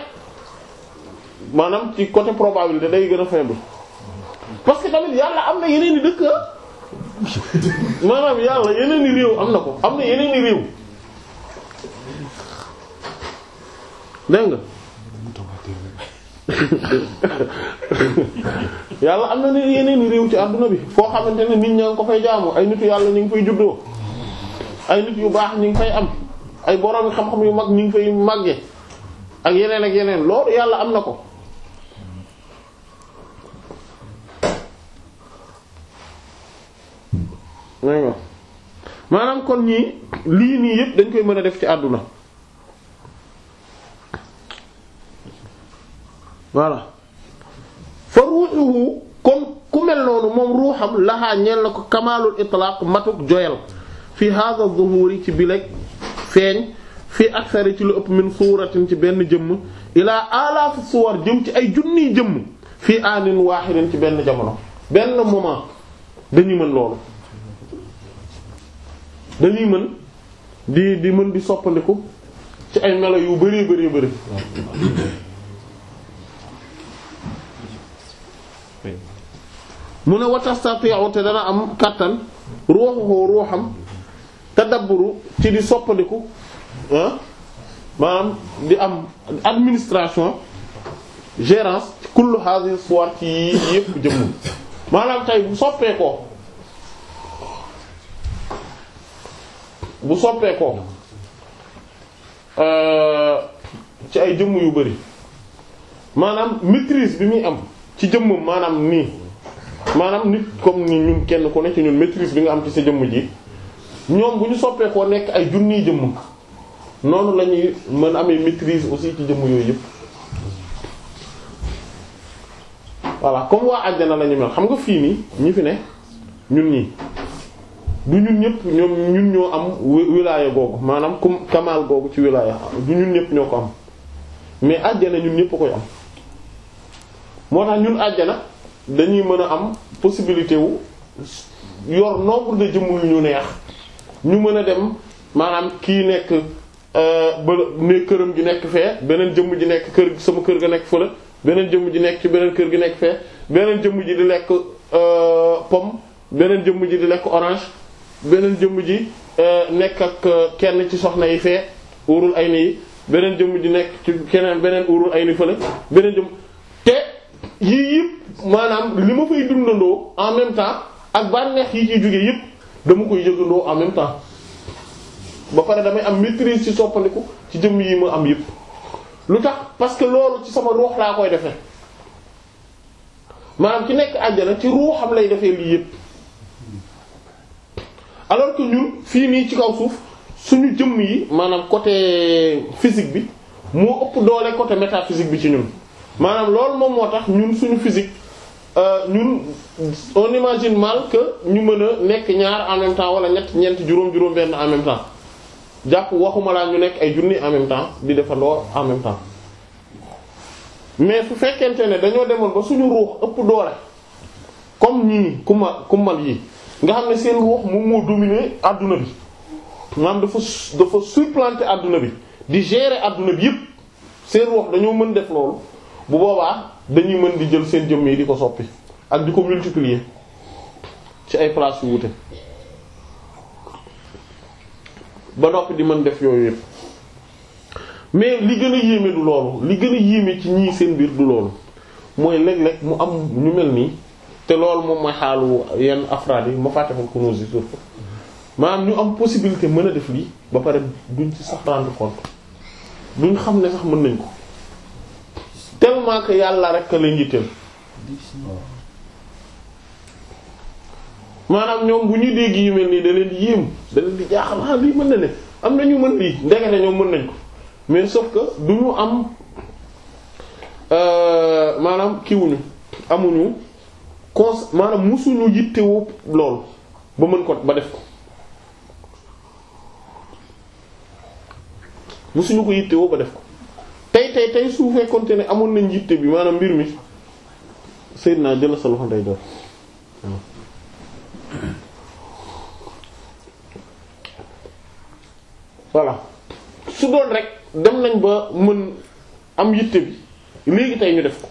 maanaam ci côté probabilité day gën a faible parce que tamit yàlla am na yeneen i maanaam yàlla yeneen i réew am na ko am na yeneen réew dégg nga yàlla am na ne yeneen i réew ci àdduna bi foo xamante ne nit ñaa ngi ko fay jaamu ay nitu yàlla ñu ngi fay juddoo ay nit yu baax ñu ngi fay am ay borom xam-xam yu mag ñu ngi fay màgge ak yeneen ak yeneen loolu yàlla am na ko maanaam kon ñii lii nii yëpp dañ koy mën a def ci àdduna voilà fa ruuxuhu comme ku mel noonu moom ruuxam laxaa ñeel na ko kamaalul itlaaq matuk joyal fi hadha zuhuri ci bileg feeñ fii aksari ci lu ëpp min suuratin ci benn jëmm ilaa alaafu suwar jëm ci ay junniy jëmm fii aanin waaxidin ci benn jamono benn moment dañu mën loolu dañuy mën di di mën di soppandiku ci ay melo yu bari bari bari mu ne watastati'u te dana am kàttan ruuxuhu ruuxam tadabburu ci di soppandiku ah, maanaam di am administration gérance kullu hadhihi suwar ci yépp jëmm maanaam tey bu soppee ko bu soppeekoo euh, ci ay jëmm yu bëri maanaam maîtrise bi muy am ci jëmmam maanaam nii maanaam nit comme ni ñun kenn ku nekk ci ñun maîtrise bi nga am ci sa jëmm ji ñoom bu ñu soppeekoo nekk ay junniy jëmm noonu la ñuy mën amee maîtrise aussi ci jëmm yooyu yëpp. voilà comme waa àjjana la mel xam nga fii nii ñi fi ne ñun ñii du ñun ñëpp ñoom ñun ñoo am wilaaya googu maanaam comme kamaal googu ci wilaaya du ñun ñëpp ñoo ko am mais àjjana ñun ñëpp koy am moo tax ñun àjjana dañuy mën a am possibilité wu yor nombre de jëmm yu ñu neex ñu mën a dem maanaam kii nekk euh, ba ne këram gi nekk fee beneen jëmm ji nekk kër sama kër ga nekk fële beneen jëmm ji nekk ci beneen kër gi nekk fee beneen jëmm ji di lekk euh, pomme beneen jëmm ji di lekk orange beneen jëmm ji euh, nekk ak euh, kenn ci soxna yi fee urul ay ni beneen jëmm ji nekk ci keneen beneen urul ay ni fële beneen jëmm te yii yëpp maanaam li ma fay dundandoo en même temps ak bànneex yi ciy jóge yëpp dama koy yëgandoo en même temps ba pare damay am maîtrise ci soppandiku ci jëmm yi ma am yëpp lu tax parce que loolu ci sama ruux laa koy defee maanaam ci nekk àjjana ci ruuxam lay defee lii yëpp alors que ñun fii nii ci kaw suuf suñu jëmm yi maanaam côté physique bi moo ëpp doole côté métaphysique bi ci ñun maanaam loolu moom moo tax ñun suñu physique euh, ñun on imagine mal que ñu mën a nekk ñaar en même wala ñett ñeent juróom juróom benn en même temps jàpp waxuma laa ñu nekk ay junni en même temps di defandoo en même mais su fekkente ne dañoo demoon ba suñu ruux ëpp doole comme ñii kuma kumal yi nga xam ne seen ruux moom moo dominer adduna bi maanaam dafa dafa supplanter adduna bi di gérer adduna bi yépp seen ruux dañoo mën def loolu bu boobaa dañuy mën di jël seen jëmm yi di ko soppi ak di ko multiplier ci ay place yu ba noppi di mën def yooyu yëpp mais li gën a yéeme du loolu li gën a yéeme ci ñii seen biir du loolu mooy léeg-léeg mu am ñu mel nii te loolu moom mooy xaalu yenn afraad yi ma fàttefal kunuus yi surtout maanaam ñu am possibilité mën a def lii ba pare duñ ci sax rendre compte duñ xam ne sax mën nañ ko tellement que yàlla rek la njiital maanaam ñoom bu ñuy dégg yu nii da leen di yéem di jaaxal ah lii mën na am na ñu mën lii ndege ne ñoom mën nañ ko mais sauf que du ñu am euh, maanaam kiwuñu amuñu cons maanaam musuñu yittewoo lool ba mën ko ba def ko musuñu ko yittewoo ba def ko tey tey tey su fekkoonte ne amoon nañ yitte bi maanaam mbir mi naa jëla sa loxo day door voilà su doon rek dem nañ ba mën am yitte bi léegi tey ñu def ko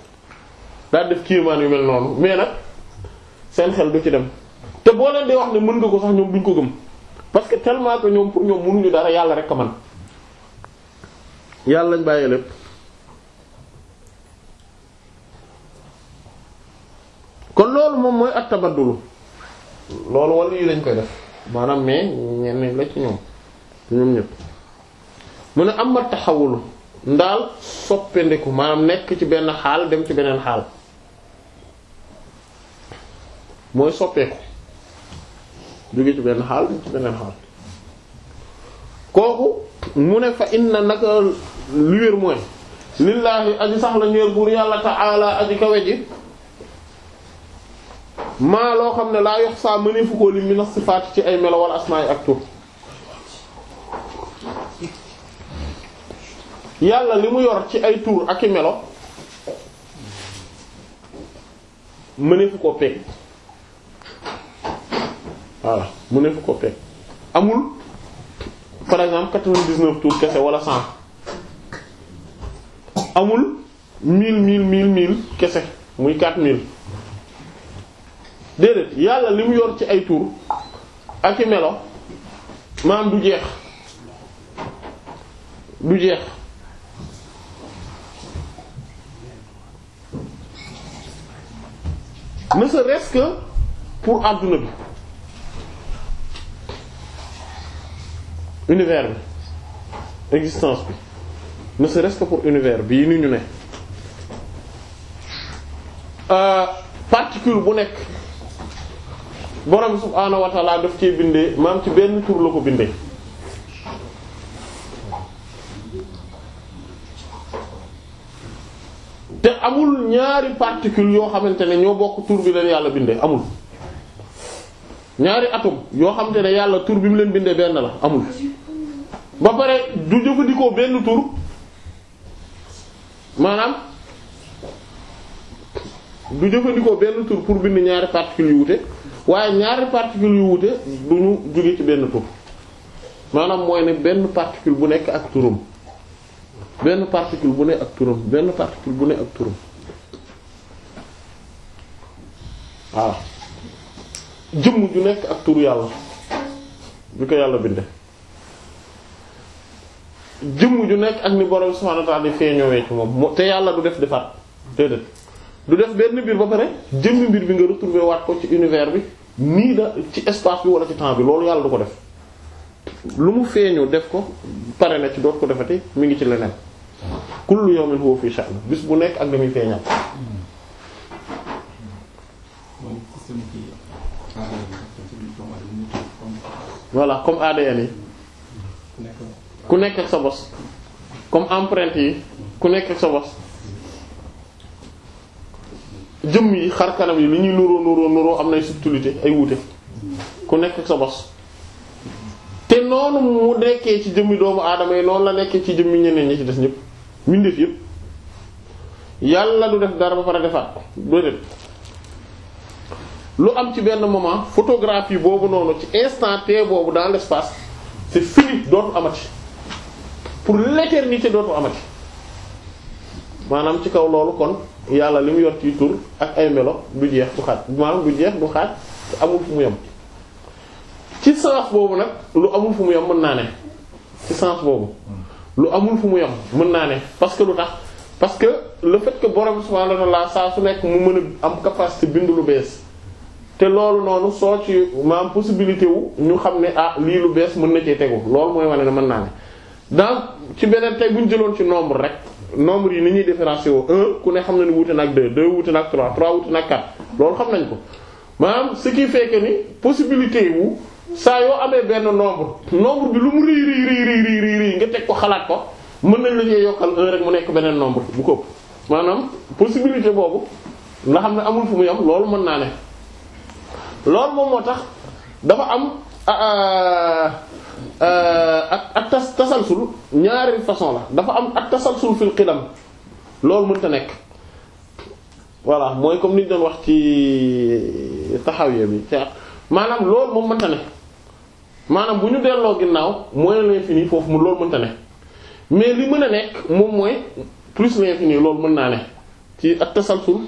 daal def kéemaan yu mel noonu mais nag seen xel du ci dem te boo leen di wax ne mën nga ko sax ñoom buñ ko gëm parce que tellement que ñoom pour ñoom mënuñu dara yàlla rek a man yàlla lañ bàyyee lépp kon loolu moom mooy at tabaddulu loolu wala yi lañ koy def maanaam mais ñenn la ci ñoom ñoom ñëpp mu ne am ma taxawulu ndaal soppandiku maanaam nekk ci benn xaal dem ci beneen xaal mooy soppeeku jóge ci benn xaal ci beneen xaal kooku mu ne fa inna naka lu mooy lillaahi aji sax la ñëer buur yàlla ta'ala aji kawe ji maa loo xam ne laa yox saa mënee fu ko li mina sifaat ci ay melo wala asmaa yi ak tur yàlla li mu yor ci ay tur ak i melo mënee fu ko voilà mu nekk ko teg amul par exemple quatre-vingt-dix-neuf tours kese wala cent amul mille mille mille mille kese muy quatre mil déedéet yàlla li mu yor ci ay tour ak i melo maam du jeex du jeex ne serait-ce pour àdduna bi univers bi existence bi ne serait-ce pour univers bii ni ñu ne euh, particule bu nekk borom subhaanahu wa daf cee bindee maam ci benn tur la ko bindee te amul ñaari particule yoo xamante ne ñoo bokk tur bi leen yàlla bindee amul ñaari atum yoo xam te ne yàlla tur bi mu leen bindee benn la amul ba pare du jëfandikoo benn tur maanaam du jëfandikoo benn tur pour bind ñaari particules yu wute waaye ñaari particules yu wute du ñu jóge ci benn tur maanaam mooy ne benn particule bu nekk ak turam benn particule bu nekk ak turam benn particule bu nekk ak turam waaw jëmm ju nekk ak turu yàlla bi ko yàlla binde jum ju nekk ak ni borom subhanahu wa ta'ala fee ñëwee ci moom te yàlla du def defaat déedéet du def benn biir ba pare jëmmi mbir bi nga retrouver waat ko ci univers bi nii da ci espace bi wala ci temps bi loolu yàlla du ko def lu mu feeñu def ko pare na ci doot ko defati mi ngi ci leneen kullu yawmin huwa fi sha'n bis bu nekk ak damuy feeñal voilà comme ADN yi ku nekk ak sa bos comme empreinte yi ku nekk ak sa bos jëmm yi xar kanam yi lu ñuy nuroo nuroo nuroo am nay subtilité ay wuute ku nekk ak sa bos te noonu mu nekkee ci jëmmi doomu aadama yi noonu la nekkee ci jëmmi ñeneen ñi ci des ñëpp mbindeef yëpp yàlla du def dara ba pare defaat ko lu am ci benn moment photographie boobu noonu ci instant boobu dans l'espace c'est fini dootu amati pour l'éternité dootu amati maanaam ci kaw loolu kon yàlla li mu yor ci tur ak ay melo du jeex du xaaj jeex du xaaj te amul fu mu yem ci boobu nag lu amul fu mu yem mën naa ne ci sens boobu lu amul fu mu yem mën naa ne parce que lu tax parce que le fait que borom subhanahu wa laa saa su nekk mu mën a am capacité bind lu bees. te loolu noonu soo ci maam possibilité wu ñu xam ne ah lii lu bees mën na cee tegu loolu mooy wane ne mën naa ne dans ci beneen tey bu ñu jëloon ci nombre rek nombre yi ni ñuy différencier wu 1 ku ne xam na ni wuute na ak 2 2 wuute na ak 3 3 wuute ak 4 loolu xam nañ ko maanaam ce qui fait que ni possibilité wu saa yoo amee benn nombre nombre bi lu mu rii rii rii rii nga teg ko xalaat ko mën nañ la ñuy yokkal 1 rek mu nekk beneen nombre bu ko maanaam possibilité boobu nga xam ne amul fu mu yam loolu mën naa ne. loolu moom moo tax dafa am ah, ah, ah, ak ak tas tasalsul façon la dafa am ak tasalsul fil xidam loolu mënta nekk voilà mooy comme niñ doon wax ci taxawiya bi maanaam lool moom mënta ne maanaam bu ñu delloo ginnaaw mooy l'infini foofu mu loolu mënta ne mais li mën a nekk moom mooy plus l'infini loolu mën naa ne ci at tasalsul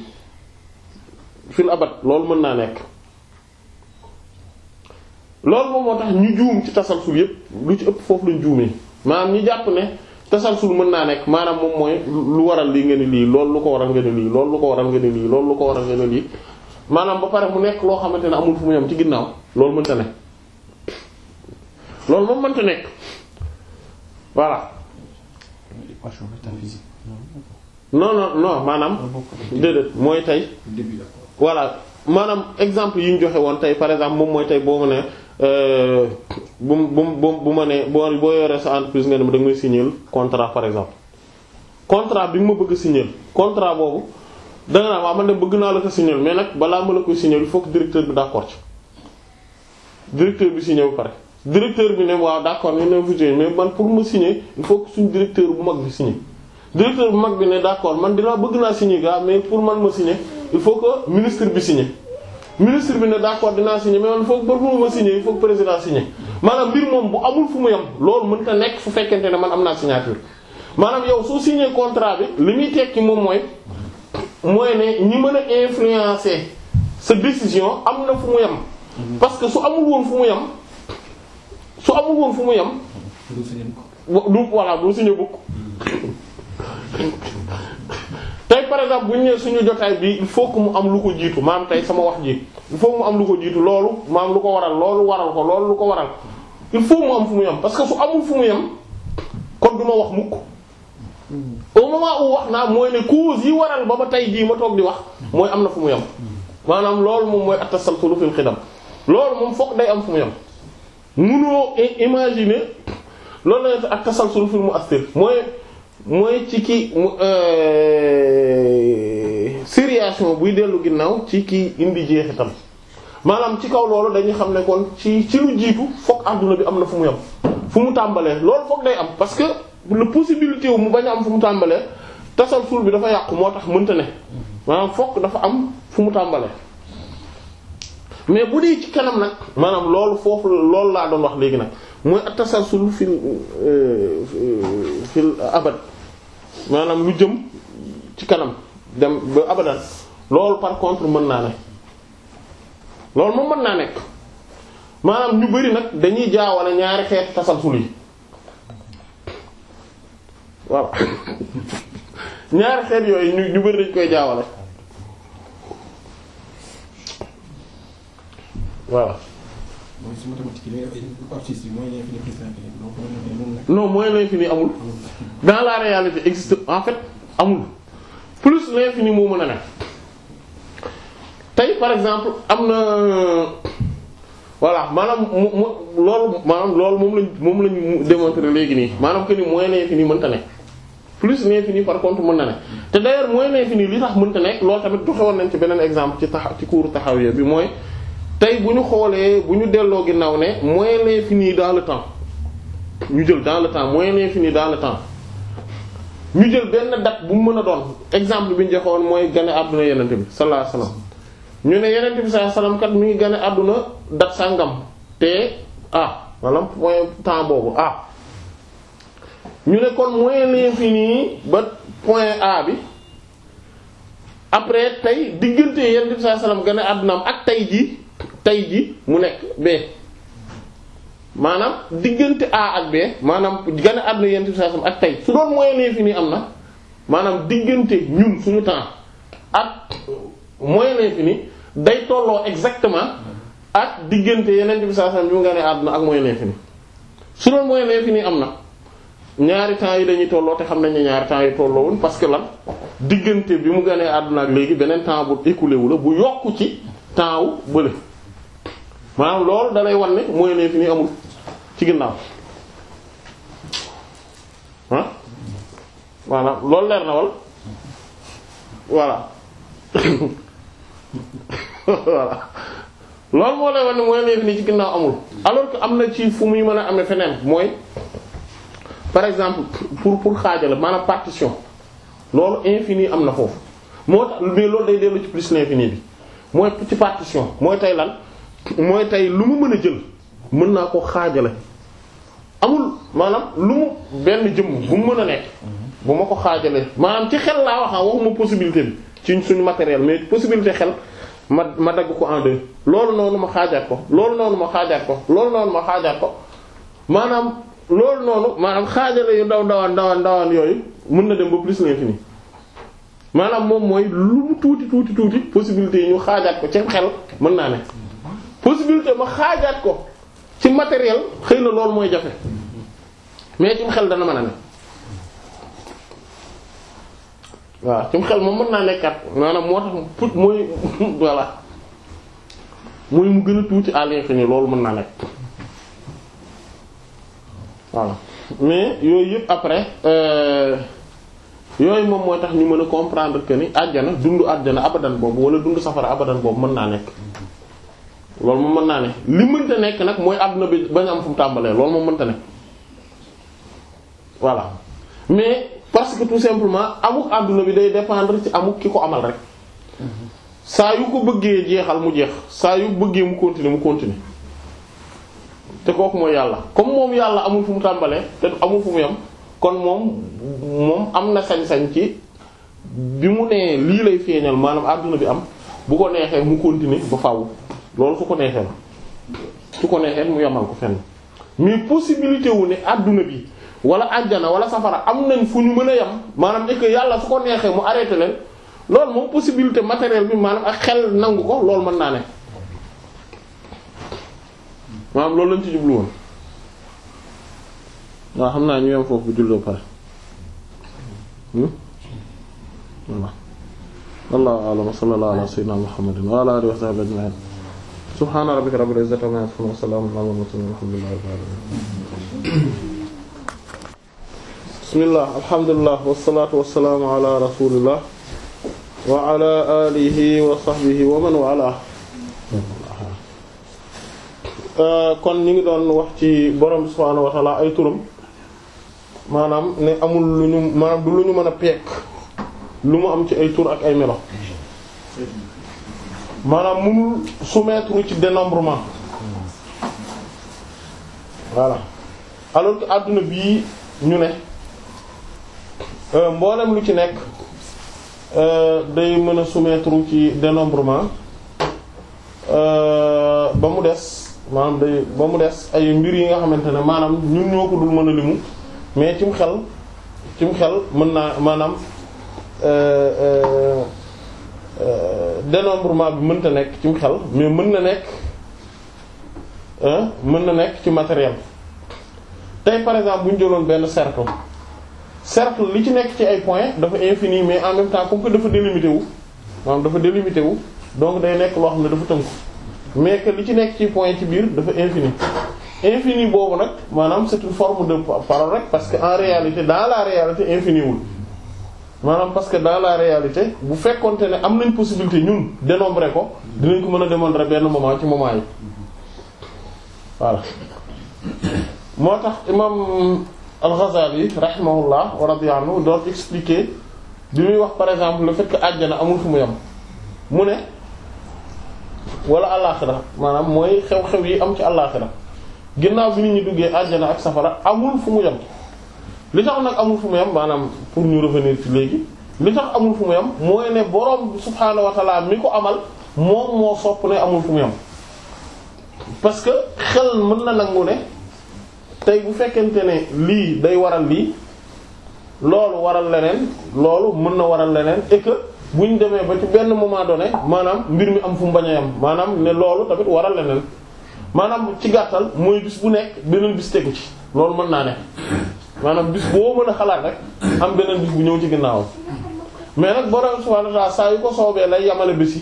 fil abad loolu mën naa nekk loolu moom moo tax ñu juum ci tasalsul yépp lu ci ëpp foofu lañ juumee maanaam ñu jàpp ne tasalsul mën naa nekk maanaam moom mooy lu waral lii nga lii loolu lu ko waral nga ni lii loolu lu ko waral nga ni lii loolu lu ko waral nga ni maanaam ba pare mu nekk loo xamante ne amul fu mu yem ci ginnaaw loolu mënta ne loolu moom mënta nekk voilà. non non non maanaam. déedéet mooy tey. voilà maanaam exemple yi ñu joxe woon tey par exemple moom mooy tey boo ne Euh, bu bu bu bu ma ne boo boo yoree sa entreprise nga ne ma da nga may signer contrat par exemple contrat bi nga ma bëgg a contrat boobu da nga naan waaw man de bëgg naa la ko signer mais nag balaa ma la koy signer il bi d'accord ci directeur bi signer ba pare directeur bi ne waaw d'accord ñu ne fusion mais man pour ma signer il faut que suñu directeur bu mag bi signer directeur bu mag bi ne d'accord man dinaa bëgg naa signer gaa mais pour man ma signer il faut que ministre bi signer ministre bi ne d'accord dinaa signé mais man foog ba fu ma signé foog président signé maanaam mbir moom bu amul fu mu yam loolu mënta nekk fu fekkente ne man am naa signature maanaam yow soo signé contrat bi li muy tekki moom mooy mooy ne ñi mën a influencer sa décision am na fu mu yem. parce que su amul woon fu mu yem su amul woon fu mu yem. du voilà du signé bukk par exemple bu ñu nee suñu jotaay bi il faut que mu am lu ko jiitu maam tey sama wax ji il faut que mu am lu ko jiitu loolu maam lu ko waral loolu waral ko loolu lu ko waral il faut mu am fu mu yem parce que su amul fu mu yem kon du ma wax mukk au moment où wax naa mooy ne cause yi waral ba ma tey jii ma toog di wax mooy am na fu mu yam maanaam loolu moom mooy attasalsulu fil xidam loolu moom fokk day am fu mu yem munoo imaginer loolu la ak tasalsul fil mu'assir mooy ci ki euh, sériation buy dellu ginnaaw ci ki indi jeexitam maanaam ci kaw loolu dañuy xam ne ci ci lu jiitu fokk àdduna bi am na fu mu yam fu mu tàmbalee loolu fokk day am parce que le possibilité wu mu bañ a am fu mu tàmbalee tasalsul bi dafa yàqu moo tax mënta ne maanaam fokk dafa am fu mu tàmbalee mais bu dee ci kanam nag maanaam loolu foofu loolu laa doon wax léegi nag mooy at tasalsul fil euh, euh, fil abad maanaam lu jëm ci kanam dem ba abadan loolu par contre mën naa ne loolu moom mën naa nekk maanaam ñu bari nag dañuy jaawale ñaari xeet tasalsul yi waaw [laughs] ñaari xeet yooyu ñu ñu bari dañ koy jaawale waaw non mooy l'infini amul dans la réalité existe en fet amul plus l'infini moo mën a ne tey par exemple am na voilà maanaam mu moo loolu maanaam loolu moom lañ moom lañ léegi nii maanaam que ni mooy l'infini mënta nekk plus l'infini par contre mën na nekk te d'ailleurs mooy l'infini li tax mënta nekk loolu tamit joxe woon nañ ci beneen exemple ci taxaw ci kuuru taxaw bi mooy tey bu ñu xoolee bu ñu delloo gi ginnaaw ne moyen l'infini dans le temps ñu jël dans le temps moyen l'infini dans le temps ñu jël benn date bu mu mën a doon exemple bi ñu mooy gane àdduna yenente bi sallallahu alayhi ñu ne yenente bi sallallahu alayhi wasallam kat mi ngi gane àdduna sàngam te ah maanaam moyen temps boobu ah ñu ne kon moyen l'infini ba point A bi après tey diggante yenente bi saa alayhi wasallam gane àddunaam ak tey jii tey ji mu nekk B maanaam diggante A ak B maanaam gane àdduna yent bi sallallahu ak tey su doon moyen infini am na maanaam diggante ñun suñu temps ak moyen infini day tolloo exactement ak diggante yeneen bi sallallahu alayhi wasallam bi mu gane àdduna ak moyen infini su doon moyen infini am na ñaari temps yi dañuy tolloo te xam nañ ne ñaari temps yi tolloo woon parce que lan diggante bi mu ganee àdduna ak léegi beneen temps bu écoulé wu la bu yokku ci temps wu maanaam loolu da wan ne mooy ne fi ni amul ci ginnaaw ah voilà loolu leer na wal voilà [laughs] voilà loolu moo lay wan ne mooy ne ci ginnaaw amul alors que am na ci fu muy mën a amee feneen mooy par exemple pour pour xaajale maanaam partition loolu infini am na foofu moo tax mais loolu day dellu ci plus l'infini bi mooy ci partition mooy tey lan mooy tey lu mu mën a jël mën naa ko xaajale amul maanaam lu mu benn jëmm bu mu mën a nekk bu ma ko xaajale maanaam ci xel laa waxa waxuma possibilité bi ci suñu matériel mais possibilité xel ma ma dagg ko en loolu noonu ma xaajaat ko loolu noonu ma xaajaat ko loolu noonu ma xaajaat ko maanaam loolu noonu maanaam xaajale yu ndaw ndawaan ndawaan ndawaan yooyu mën na dem ba plus l'infini maanaam moom mooy lu mu tuuti tuuti tuuti possibilité yi ñu xaajaat ko ci xel mën naa ne possibilité ma xaajaat ko ci matériel xëy na loolu mooy jafe mais ci xel dana ma a waaw ci xel moom mën naa nekkaat maanaam moo tax put mooy [laughs] voilà mooy mu gën a tuuti à l'infini loolu mën naa nekk waaw mais yooyu yëpp après euh, yooyu moom mooy tax ñu mën a comprendre que ni àjjana dund àjjana abadan boobu wala dund safara abadan boobu mën naa nekk loolu moom mën naa ne li mënta nekk nag mooy àdduna bi bañ am fu mu tàmbalee loolu moom mënta nekk voilà mais parce que tout simplement amuk àdduna bi day dépendre ci amul ki ko amal rek saa yu ko bëggee jeexal mu jeex saa yu bëggee mu continuer mu continuer te kooku mooy yàlla comme moom yàlla amul fu mu tàmbalee te amul fu mu yem kon moom moom am na sañ-sañ ci bi mu nee lii lay feeñal maanaam àdduna bi am bu ko neexee mu continuer ba faw loolu su ko neexee la su ko neexee mu yamal ko fenn mais possibilité wu ne àdduna bi wala àjjana wala safara am nañ fu ñu mën a yam maanaam nekk yàlla su ko neexee mu arrêté leen loolu moo possibilité matériel bi maanaam ak xel nangu ko loolu mën naa ne maanaam loolu lañ ci jublu woon waaw xam naa ñu yem foofu bu julloo pare wallah hmm? wallahu a'lam sallallahu ala sayyidina muhammadin wa ala alihi wa sahbihi subhaana rabbika rabbil izzati amma yasifun wa salaamun alal mursalin walhamdulillahi rabbil alamin bismillah alhamdulillah wassalaatu wassalaamu ala rasulillah wa ala alihi wa sahbihi wa man wala euh, kon ñu ngi doon wax ci borom subhaanahu wa ta'ala ay turam maanaam ne amul lu ñu maanaam du lu ñu mën a peek lu mu am ci ay tur ak ay melo maanaam mënul soumettre ci dénombrement voilà alors que àdduna bii ñu ne euh, mboolem lu ci nekk euh, day mën a soumettre ci dénombrement euh, ba mu des maanaam day ba mu des ay mbir yi nga xamante ne maanaam ñun ñoo ko dul mën a limu mais cim xel cim xel mën naa maanaam Euh, dénombrement bi mënta nekk ci xel mais mën na nekk mën na nekk ci matériel tey par exemple bu ñu jëloon benn cercle cercle li ci nekk ci ay point dafa infini mais en même temps comme que dafa délimité wu maanaam dafa délimité wu donc day nekk loo xam dafa tënk mais que li ci nekk ci point ci biir dafa infini infini boobu nag maanaam c'est une forme de parole rek parce que en réalité dans la réalité infini wul maanaam parce que dans la réalité bu fekkonte ne am nañ possibilité ñun dénombrer ko dinañ ko mën a démontrer benn moment ci moment yi voilà moo tax imam al-Ghazali rahimahullah wa radiyallahu anhu doon expliquer bi muy wax par exemple le fait que àjjana amul fu mu yem mu ne wala àllaaxira maanaam mooy xew-xew yi am ci àllaaxira ginnaaw bi nit ñi duggee àjjana ak safara amul fu mu yem li tax nag amul fu mu yem maanaam pour ñu revenir ci léegi li tax amul fu mu yem mooy ne borom ko amal moom moo sopp ne amul fu mu yem parce que xel mën na nangu ne tey bu fekkente ne lii day waral lii loolu waral leneen loolu mën na waral leneen et que bu ñu demee ba ci benn moment donné maanaam mbir mi am fu mu bañ maanaam ne loolu tamit waral leneen maanaam ci gàttal mooy bis bu nekk beneen bis tegu ci loolu mën naa ne maanaam bis boo mën a xalaat rek am beneen bis bu ñëw ci ginnaawam mais nag borom subhaanahu wa ta'ala saa yu ko soobee lay yamale bis yi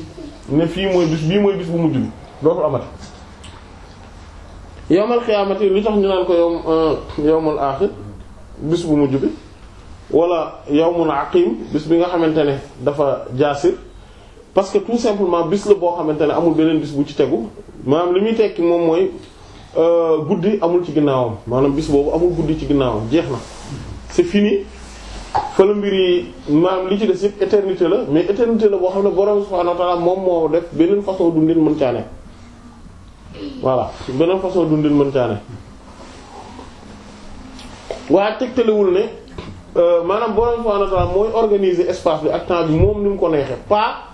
ne fii mooy bis bii mooy bis bu mujj bi dootul amati. yawmal qiyaamati li tax ñu naan ko yawm euh, yawmul aaxir bis bu mujj bi wala yawmun aqiim bis bi nga xamante ne dafa jaasir parce que tout simplement bis la boo xamante ne amul beneen bis bu ci tegu maanaam li muy tekki moom mooy. Euh, guddi amul ci ginnaawam maanaam bis boobu amul guddi ci ginnaawam jeex na c'est fini fële mbir yi maanaam li ci des yëpp éternité la mais éternité la boo xam ne borom subhaanahu wa moom moo def beneen façon dundin mën caa ne voilà beneen façon dundin mën caa ne waaye euh, maanaam borom subhaanahu wa ta'aala mooy organiser espace bi ak temps bi moom ni mu ko neexee pas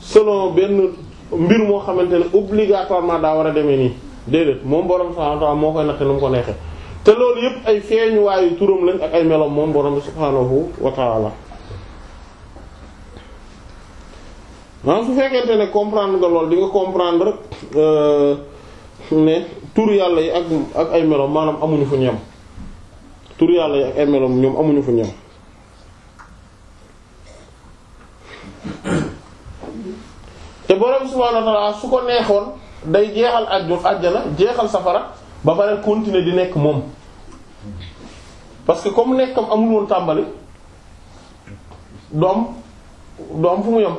selon benn mbir moo xamante ne obligatoirement daa war a demee nii. déedéet moom borom subhaanahu wa ta'aala moo koy natt nu mu ko neexee te loolu yëpp ay feeñuwaayu turam lañ ak ay meloom moom borom subhaanahu wa ta'aala ah, ne comprendre nga loolu di nga comprendre euh, ne tur yàlla yi ak ak ay meloom maanaam amuñu fu ñem tur yàlla yi ak ay meloom ñoom amuñu fu ñem te borom subhaanahu wa ta'aala su ko neexoon. day jeexal ajju ajjana jeexal safara ba pare continuer di nekk moom parce que comme nekkam amul woon tàmbali doom doom fu mu yem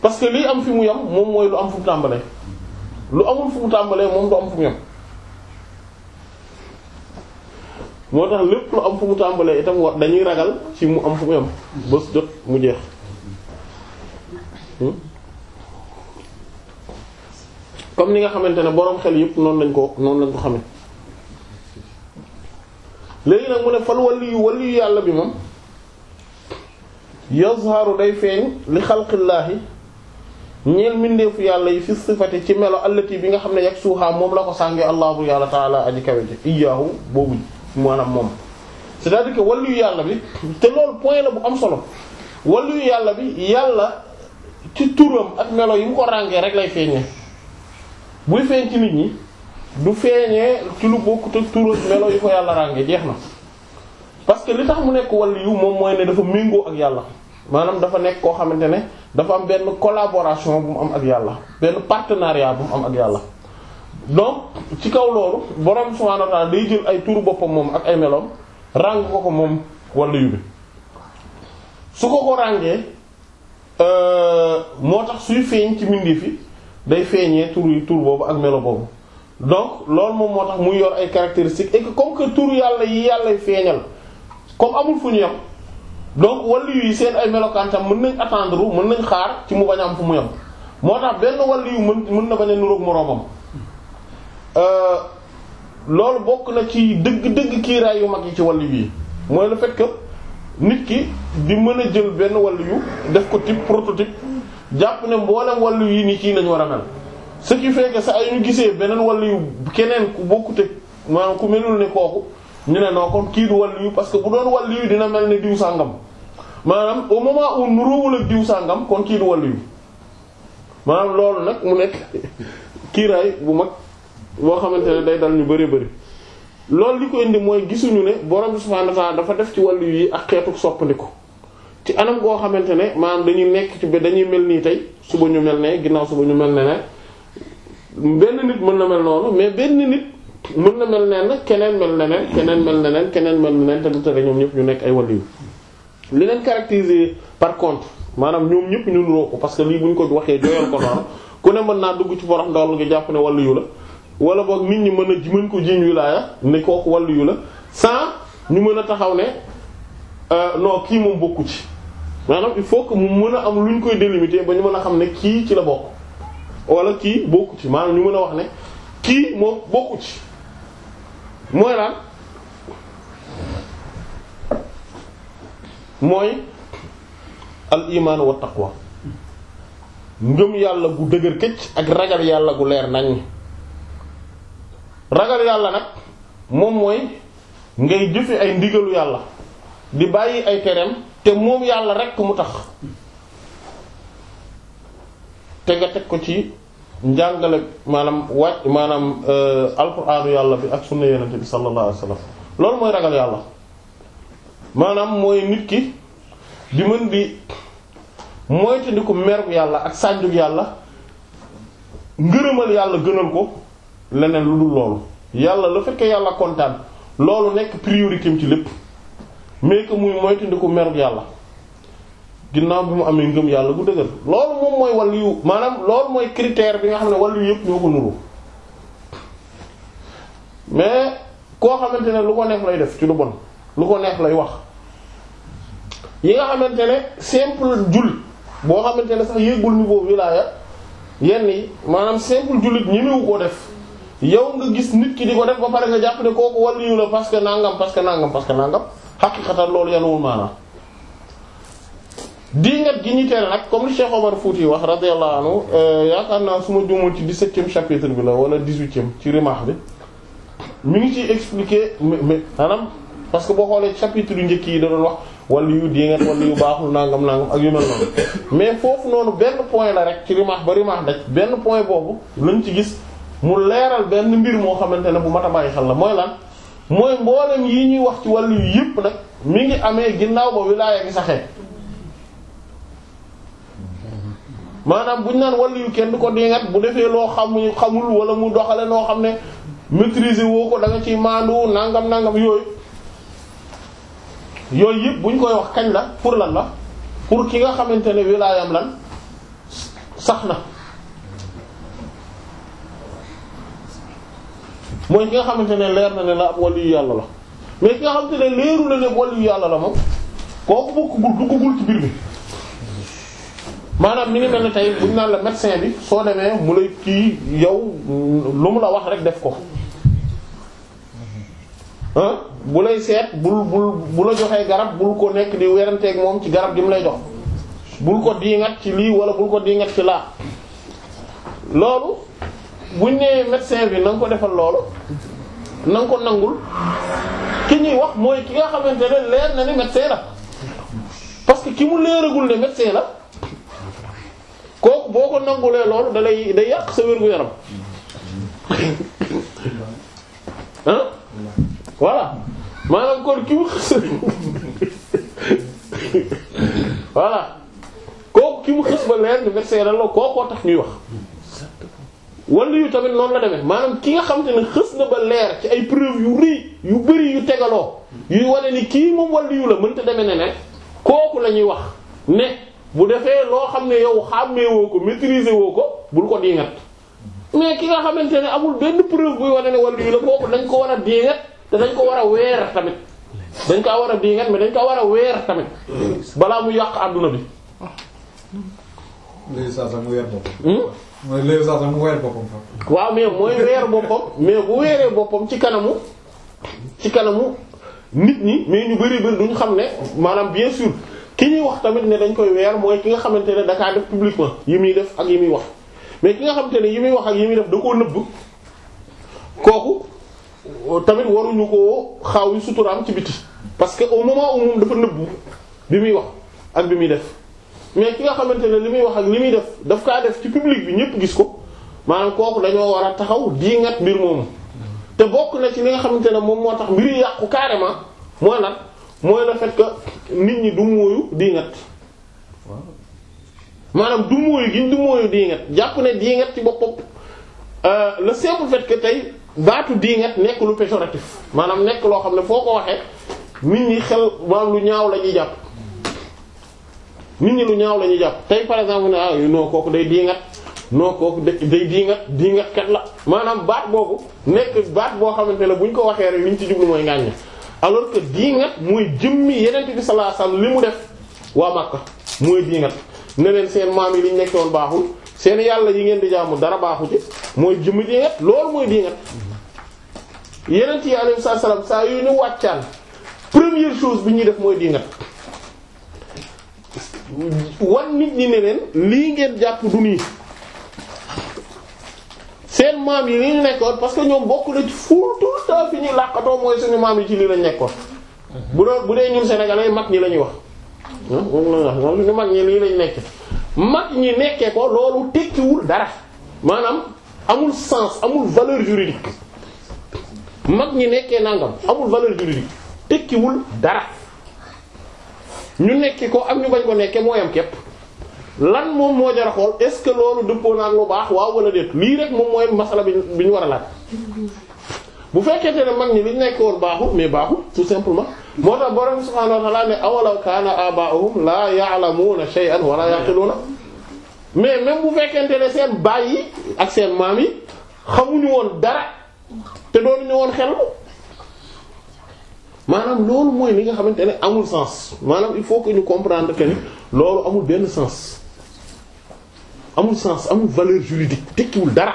parce que am fi mu yem moom mooy lu am fu mu tàmbalee lu amul fu mu tàmbalee moom du am fu mu yem moo tax lépp lu am fu mu tàmbalee itam war dañuy ragal ci mu am fu mu yem bës jot mu jeex hmm? comme ni nga xamante ne boroom xel yëpp noonu lañ ko noonu lañ ko xamee léegi nag mu ne fal waliyu waliyu yàlla bi moom yazharu day feeñ li xalqillaahi ñeel yàlla yi fi ci melo allati bi nga xam ne yag suuxaa moom la ko sànge allahu yàlla taala aji kaweje iyaahu boobu maanaam moom cest di dire que waliyu yàlla bi te loolu point la bu am solo waliyu yàlla bi yàlla ci turam ak melo yi mu ko ràngee rek lay feeñee buy feeñ ci nit ñi du feeñee ci lu bokk te turu melo yu ko yàlla ràngee jeex na parce que li tax mu nekk wàll yu moom mooy ne dafa méngoo ak yàlla maanaam dafa nekk koo xamante ne dafa am benn collaboration bu mu am ak yàlla benn partenariat bu mu am ak yàlla donc ci kaw loolu borom subhanahu wa ta'ala day jël ay turu boppam moom ak ay meloom ràng ko ko moom wàll yu bi su ko ko ràngee euh, moo tax suy feeñ ci mbindeef yi day feeñee tur yu tur boobu ak melo boobu donc loolu moom moo tax muy yor ay caractéristiques et que comme que tur yàlla yi yàlla feeñal comme amul fu ñu yem donc wàllu yi seen ay melokaan tam mën nañ attendre mën nañ xaar ci mu bañ a fu mu yem moo tax benn wàllu yu mën mën na bañ a nuroog moroomam euh, loolu bokk na ci dëgg-dëgg kiiraay yu mag yi ci wàllu yi mooy le fait nit ki di mën a jël benn wàllu yu def ko type prototype. jàpp ne mboolem wàllu yi ni kii lañ war a mel ce qui fait que sa ay ñu gisee beneen wàllu yu keneen ku bokkute maanaam ku melul ne kooku ñu ne non kon kii du wàllu yu parce que bu doon wàllu yu dina mel ne diw sàngam maanaam au moment où nuróowul ak diw sàngam kon kii du wàllu yu maanaam loolu nag mu nekk [laughs] kiiraay bu mag woo xamante ne day dal ñu bari bari loolu li ko indi mooy gisuñu ne borom subhanahu wa ta'ala dafa def ci wàllu yi ak xeetu soppandiku ci anam goo xamante ne maanaam dañuy nekk ci ba dañuy mel nii tey suba ñu mel ne ginnaaw suba ñu mel ne ne benn nit mën na mel noonu mais benn nit mën na mel ne nag keneen mel neneen keneen mel neneen keneen mel neneen te du ñëpp ñu nekk ay wàllu li leen caractériser maanaam ñoom ñëpp ñu nuroo ko parce que lii bu ñu ko waxee jooyal ko noonu ku mën naa dugg ci borom ndaw nga jàpp ne wàllu yu la wala boog nit ñi mën a mën ko jiiñ wilaaya ne kooku wàllu yu la sans ñu mën a taxaw ne euh, non kii moom bokku ci. maanaam il faut que mu mën a am lu ñu koy délimiter ba ñu mën a xam ne kii ci la bokk wala kii bokku ci maanaam ñu mën a wax ne kii moom bokku ci mooy lan mooy al iman wa taqwa yàlla gu dëgër këcc ak ragal yàlla gu leer nañ ragal yàlla nag moom mooy ngay jëfe ay ndigalu yàlla di bàyyi ay tereem te moom yàlla rekk mu tax te nga teg ko ci njàngale maanaam wàcc maanaam euh, alquraanu yàlla bi ak sunna yonent bi sallallahu alayhi loolu mooy ragal yàlla maanaam mooy nit ki di mën di moytandiku mergu yàlla ak sànjug yàlla ngërëmal yàlla gënal ko leneen lu dul loolu yàlla la fekkee yàlla kontaan loolu nekk priorité ci lépp mais que muy moytandiku merug yàlla ginnaaw bi mu amee ngëm yàlla bu dëgër loolu moom mooy waliyu maanaam loolu mooy critère bi nga xam ne waliyu yëpp ñoo ko nuru mais koo xamante ne lu ko neex lay def ci lu bon lu ko neex lay wax yi nga xamante ne simple jullit boo xamante ne sax yéegul niveau wilaaya yenn yi maanaam simple jullit ñemewu koo def yow nga gis nit ki di ko def ba pare nga jàpp ne kooku waliyu la parce que nangam parce que nangam parce que nangam xaqiqatan loolu yanuwul maanaam diingat gi ñu teel nag comme li Cheikh Omar Fouti wax radiyallahu anhu euh, yaakaar naa su ma juumul ci dix-septième chapitre bi la wala dix-huitième ci Rimah bi mu ngi ciy expliquer mais maanaam parce que boo xoolee chapitre yu njëkk yi da wax wala yu diingat wala yu baaxul nangam nangam ak yu mel mais foofu noonu benn point la rek ci Rimah ba Rimah daj benn point boobu lañ ci gis mu leeral benn mbir moo xamante ne bu mat a bàyyi xel la mooy mooy mboolem yi ñuy wax ci wàllu yu yépp nag mi ngi amee ginnaaw ba wilaaya ngi saxee maanaam buñ naan wàllu yu kenn du ko dingat bu defee loo xamuñu xamul wala mu doxale noo xam ne maîtriser woo ko danga nga ciy maandu nangam nangam yooyu yooyu yépp buñ koy wax kañ la pour lan la pour ki nga xamante ne wilaayam lan sax na mooy ki nga xamante ne leer na ne la ab wàllu yàlla la mais ki nga xamante ne leeru la ne wàllu yàlla la moom kooku bokkul duggagul ci biir maanaam mi ngi mel tey buñ naan la médecin bi soo demee mu lay kii yow lu mu la wax rek def ko ah bu lay seet bul bul bu la joxee garab bul ko nekk di weranteeg moom ci garab gi mu lay jox bul ko diingat ci lii wala bul ko diingat ci laa loolu buñ nee médecin bi na nga ko defal loolu na ko nangul ki ñuy wax mooy ki nga xamante leer na ne médecin la parce que ki mu leeragul ne médecin la kooku boo ko nangulee loolu dalay day yàq sa wér-gu-yaram ah [laughs] voilà maanaam kon ki mu xis [laughs] ba leer ne médecin la loolu kookoo tax ñuy wax wala yu tamit noonu la demee maanaam ki nga xam te ne xës na ba leer ci ay preuve yu rëy yu bëri yu tegaloo yuy wane ni kii moom wala yu la mënta demee ne ne kooku la ñuy wax ne bu defee loo xam ne yow xàmmee woo ko maîtriser woo ko bul ko diingat mais ki nga xamante ne amul benn preuve buy wane ne wala yu la kooku dañ ko war a diingat te dañ ko war a weer tamit dañ ko war a diingat mais dañ ko war a weer tamit balaa mu yàq àdduna bi. mooy léegi sax mu weer boppam fa. waaw mais mooy weer boppam mais bu weeree boppam ci kanamu ci kanamu nit ñi mais ñu bari bari duñ xam ne maanaam bien sûr ki ñuy wax tamit ne dañ koy weer mooy ki nga xamante ne dakaa def publiquement yi muy def ak yi muy wax mais ki nga xamante ne yi muy wax ak yi muy def da koo nëbb kooku tamit waruñu ko xaw yi suturaam ci biti parce que au moment où dafa nëbbu bi muy wax ak bi muy def. mais ki nga xamante ne li muy wax ak li muy def daf kaa def ci public bi ñëpp gis ko maanaam kooku dañoo war a taxaw di ngat mbir moomu. te bokk na ci li nga xamante ne moom moo tax mbir yi yàqu carrément mooy nag mooy la fait que nit ñi du mooyu di maanaam du mooyu giñ du mooyu di ngat jàpp ne di ngat ci boppam euh, le simple fait que tey baatu di ngat nekk lu péjoratif maanaam nekk loo xam ne foo ko waxee nit ñi xel maanaam lu ñaaw la ñuy jàpp. nit ñi lu ñaaw la ñuy jàpp tey par exemple ne ah noo kooku day diingat non kooku day diingat diingat kat la maanaam baat boobu nekk baax boo xamante ne bu ñu ko waxee rek li ñu ci jublu mooy ngàññ alors que diingat mooy jëmmi yeneen bi sallallahu alayhi wasallam li mu def waa Makka mooy diingat ne leen seen maam yi li ñu nekkoon baaxul seen yàlla yi ngeen di jaamu dara baaxu ci mooy jëmmi diingat loolu mooy diingat yeneen yi alayhi salaam saa yu ñu wàccaan première chose bi ñuy def mooy diingat. wan nit ñi ne leen lii ngeen jàpp du nii seen maam yi li ñu nekkoon parce que ñoom bokk na ci ful tout le temps fi ñuy làqatoo mooy suñu maam yi ci lii lañ nekkoon. bu doon bu dee ñun sénégalais mag ñi lañuy wax. moom la ñu wax mag ñi lii lañ nekk mag ñi nekkee ko loolu tekkiwul dara maanaam amul sens amul valeur juridique mag ñi nekkee nangam amul valeur juridique tekkiwul dara. ñu nekki ko ak ñu bañ ko nekke mooy am képp lan moom moo jar a xool ce que loolu dëppoo na ak lu baax waaw wala déet lii rek moom mooy masala bi bi ñu war a laaj bu fekkente ne mag ñi li ñu nekk woon baaxul mais baaxul tout simplement moo tax borom subhaanahu wa ta'aala ne awalaw kaana abaa'uhum laa ya'lamuuna shay'an wa laa yaqiluuna mais mais bu fekkente ne seen baay yi ak seen maam yi xamuñu woon dara te doon ñu woon xel maanaam loolu mooy li nga xamante ne amul sens maanaam il faut que ñu comprendre que ni loolu amul benn sens amul sens amul valeur juridique tekkiwul dara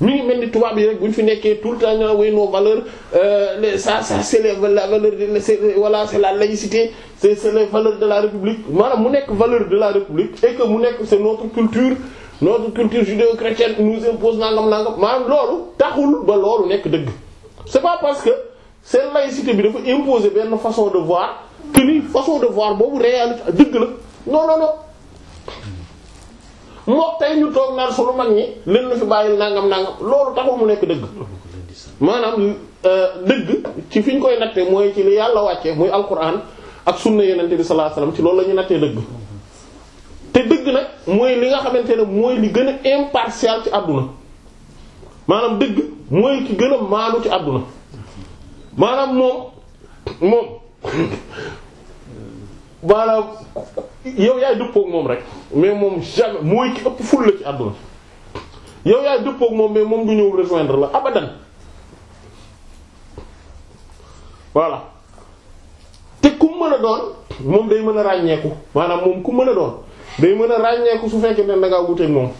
mi ngi mel ni tubaab yi rek bu ñu fi nekkee tout le temps ñu way nos valeurs euh, ça ça c'est les valeurs de c'est voilà la laïcité c'est c'est les valeurs de la république maanaam mu nekk valeur de la république et que mu nekk c'est notre culture notre culture judéo-chrétienne nous impose nangam nangam maanaam loolu taxul ba loolu nekk dëgg seen laïcité bi dafa imposer benn façon de voir que ni façon de voir boobu réalité dëgg la non non non moom ñu toog naan sunu mag ñi leen la fi bàyyil nangam nangam loolu taxul mu nekk dëgg maanaam euh, dëgg ci fi ñu koy natte mooy ci li yàlla wàcce muy alquran ak sunna yenente bi sallallahu alayhi ci loolu la ñu nattee dëgg te dëgg na mooy li nga xamante ne mooy li gën a impartial ci àdduna maanaam dëgg mooy ki gën a maanu ci àdduna maanaam moom moom maanaam yow yaay dëppook moom rek mais moom jamais mooy ki ëpp ful la ci àdduna yow yaay dëppook moom mais moom du ñëw rejoindre la abadan voilà te ku mën a doon moom day mën a ràññeeku maanaam moom ku mën a doon day mën a ràññeeku su fekkee ne dangaa wuteek moom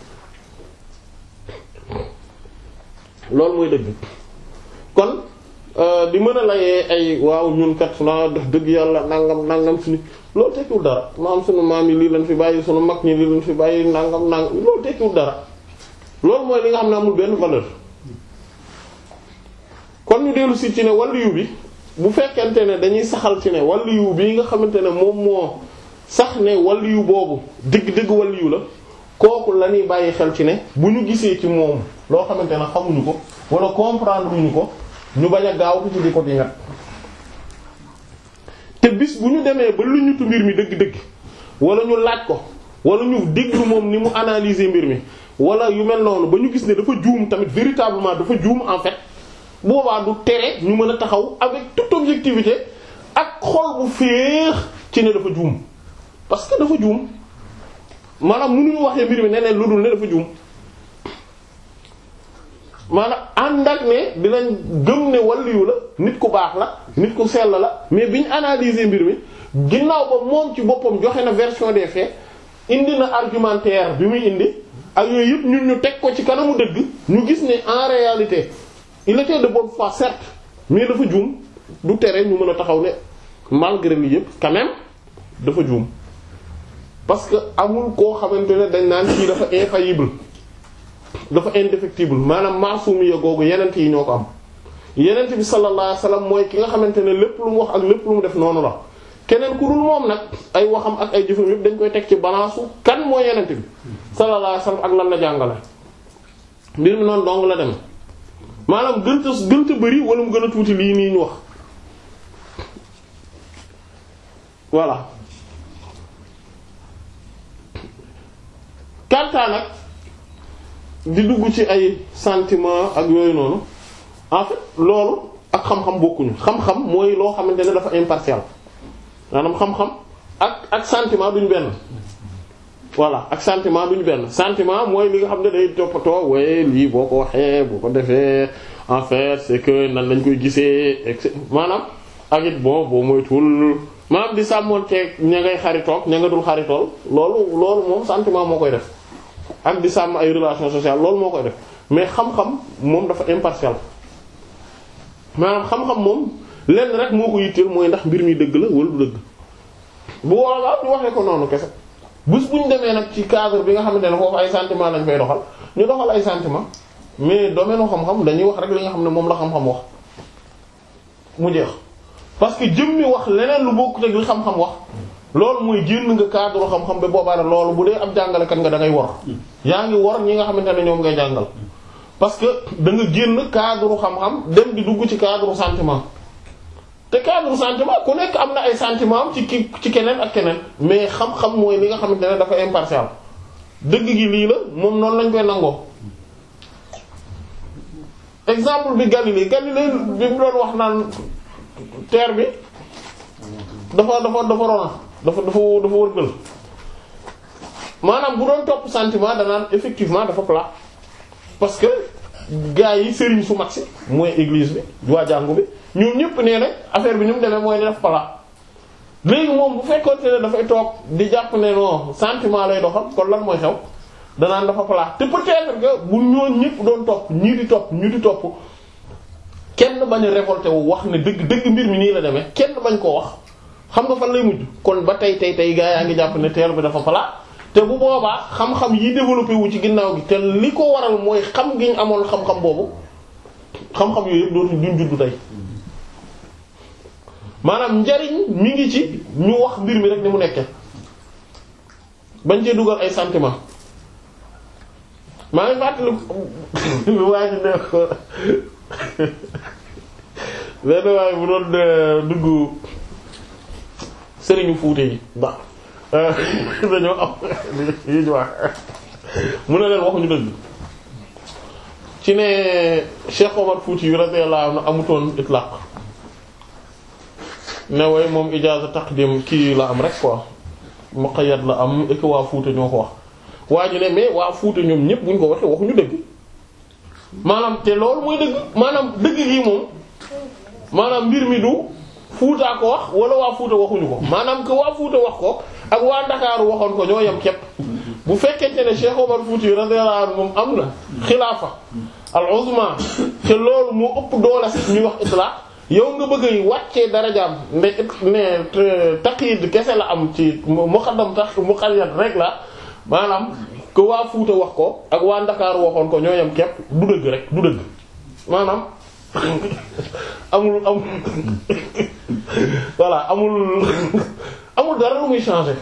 loolu mooy dëgg kon li euh, mën a layee ay waaw ñun kat na def dëgg yàlla nangam nangam suñu loolu tekkiwul dara maam suñu maam yi lii lañ fi bàyyi sunu mag ñi lii lañ fi bàyyi nangam nangam loolu tekkiwul dara loolu mooy li nga xam ne amul benn valeur kon ñu dellu si ci ne waliyu bi bu fekkente ne dañuy saxal ci ne waliyu bi nga xamante ne moom moo sax ne waliyu boobu dëgg-dëgg waliyu la kooku la ñuy bàyyi xel ci ne bu ñu gisee ci moom loo xamante ne xamuñu ko wala comprendre ñu ko ñu bañ a gaaw ci di ko di ngat te bis bu ñu demee ba lu ñutu mbir mi dëgg-dëgg wala ñu laaj ko wala ñu déglu moom ni mu analyser mbir mi wala yu mel noonu ba ñu gis ne dafa juum tamit véritablement dafa juum en fait boobaa du tere ñu mën a taxaw avec toute objectivité ak xol bu féex ci ne dafa juum parce que dafa juum maanaam mënuñu waxee mbir mi neneen lu dul ne dafa juum maanaam ànd ak ne dinañ gëm ne waliyu la nit ku baax la nit ku sell la mais bi ñu analyser mbir mi ginnaaw ba moom ci boppam joxe na version des faits indi na argumentaire bi muy indi ak yooyu yëpp ñun ñu teg ko ci kanamu dëgg ñu gis ne en réalité il était de bonne foi certes mais dafa juum du tere ñu mën a taxaw ne malgré li yëpp quand dafa juum parce que amul koo xamante ne dañ naan kii dafa infaillible dafa indéfectible maanaam maasum ya googu yenent yi ñoo ko am yenent bi sallallahu alayhi wasallam mooy ki nga xamante ne lépp lu mu wax ak lépp lu mu def noonu la keneen ku dul moom nag ay waxam ak ay jëfam yépp dañ koy teg ci balance kan mooy yenent bi sallallahu alayhi ak lan la jàngale mbir mi noonu dong la dem maanaam gënta gënta bëri wala mu gën a tuuti lii nu ñu wax voilà kantaa nag di dugg ci ay sentiment ak yooyu noonu en fait loolu ak xam-xam bokkuñu xam-xam mooy loo xamante ne dafa impartial maanaam xam-xam ak ak sentiment duñ benn voilà ak sentiment duñ benn sentiment mooy li nga xam ne day toppatoo waye lii boo ko waxee boo ko defee en fait c'est que nan lañ koy gisee etc maanaam ak it bon boo moytuwul maanaam di sàmmoon teeg ña ngay xaritoog ña nga dul xaritool loolu loolu moom sentiment moo koy def ak di sàmm ay relation sociale loolu moo koy def mais xam-xam moom dafa impartial maanaam xam-xam moom lenn rek moo ko yitteel mooy ndax mbir mi dëgg la wala du dëgg bu wowla ñu waxee ko noonu kese bés bu ñu demee nag ci cadre bi nga xamante ne foofu ay sentiment lañ fay doxal ñu doxal ay sentiment mais domaine xam-xam dañuy wax rek li nga xam ne moom la xam-xam wax mu jeex parce que jëmmi wax leneen lu bokk ak li xam-xam wax loolu mooy génn nga cadre xam-xam ba boobaa ne loolu bu dee ab jàngale jàngalekat nga da ngay wor yaa ngi wor ñi nga xamante ne ñoom ngay jàngal parce que da nga génn cadre xam-xam dem di dugg ci cadre sentiment te cadre sentiment ku nekk am na ay sentiment am ci ki ci keneen ak keneen mais xam-xam mooy li nga xamante ne dafa impartial dëgg gi lii la moom noonu lañ koy nangoo exemple bi Galilée Galilée bi mu doon wax naan terre bi dafa dafa dafa rona dafa dafa dafa wërgël maanaam bu doon topp sentiment danaan effectivement dafa plat parce que gars yi sëriñ su mag si mooy église bi waa jàngu bi ñoom ñëpp nee na affaire bi ni mu demee mooy ne def plat léegi moom bu fekkoon ne dafay toog di jàpp ne non sentiment lay doxal kon lan mooy xew danaan dafa plat te peut que bu ñooñ ñëpp doon topp ñii di topp ñu di topp kenn bañ a révolté wu wax ne dëgg dëgg mbir mi nii la demee kenn bañ koo wax xam nga fan lay mujj kon ba tey tey tey gaa yaa ngi jàpp ne terre bi dafa plat te bu boobaa xam-xam yi développé wu ci ginnaaw gi te li ko waral mooy xam gi amoon xam-xam boobu xam-xam yooyu yëpp dootuñ duñ tey maanaam njariñ mi ngi ci ñu mbir mi rek ni mu nekke bañ cee dugal ay sentiment maa ngi fàttali lu waa ji ko [coughs] benn waaye bu doon euh, dugg sëriñu fuute yi ndax euh, [laughs] dañoo am yi [laughs] wax mu ne leen waxuñu dëgg ci ne Cheikh Omar yu radiyallahu anhu amutoon itlaq ne way moom ijaaza taqdim kii la am rek quoi muqayyad la am et waa Fouta ñoo ko wax waa ñu ne mais waa Fouta ñoom ñëpp buñ ko waxee waxuñu dëgg maanaam te loolu mooy dëgg maanaam dëgg gi moom maanaam mbir mi du Fuuta ko wax wala waa Fuuta waxuñu ko maanaam que waa Fuuta wax ko ak waa Ndakaaru waxoon ko ñoo yem képp bu fekkente ne Cheikh Omar Fouti radiyallahu am na xilaafa al-uzma loolu moo ëpp doole ñu wax itlaq yow nga bëgg yi wàccee darajaam ne ne taqyid kese la am ci muqaddam tax muqaddam rek la maanaam que waa Fuuta wax ko ak waa Ndakaaru waxoon ko ñoo yem képp du dëgg rek du dëgg maanaam amul amul voilà amul amul dara lu muy changer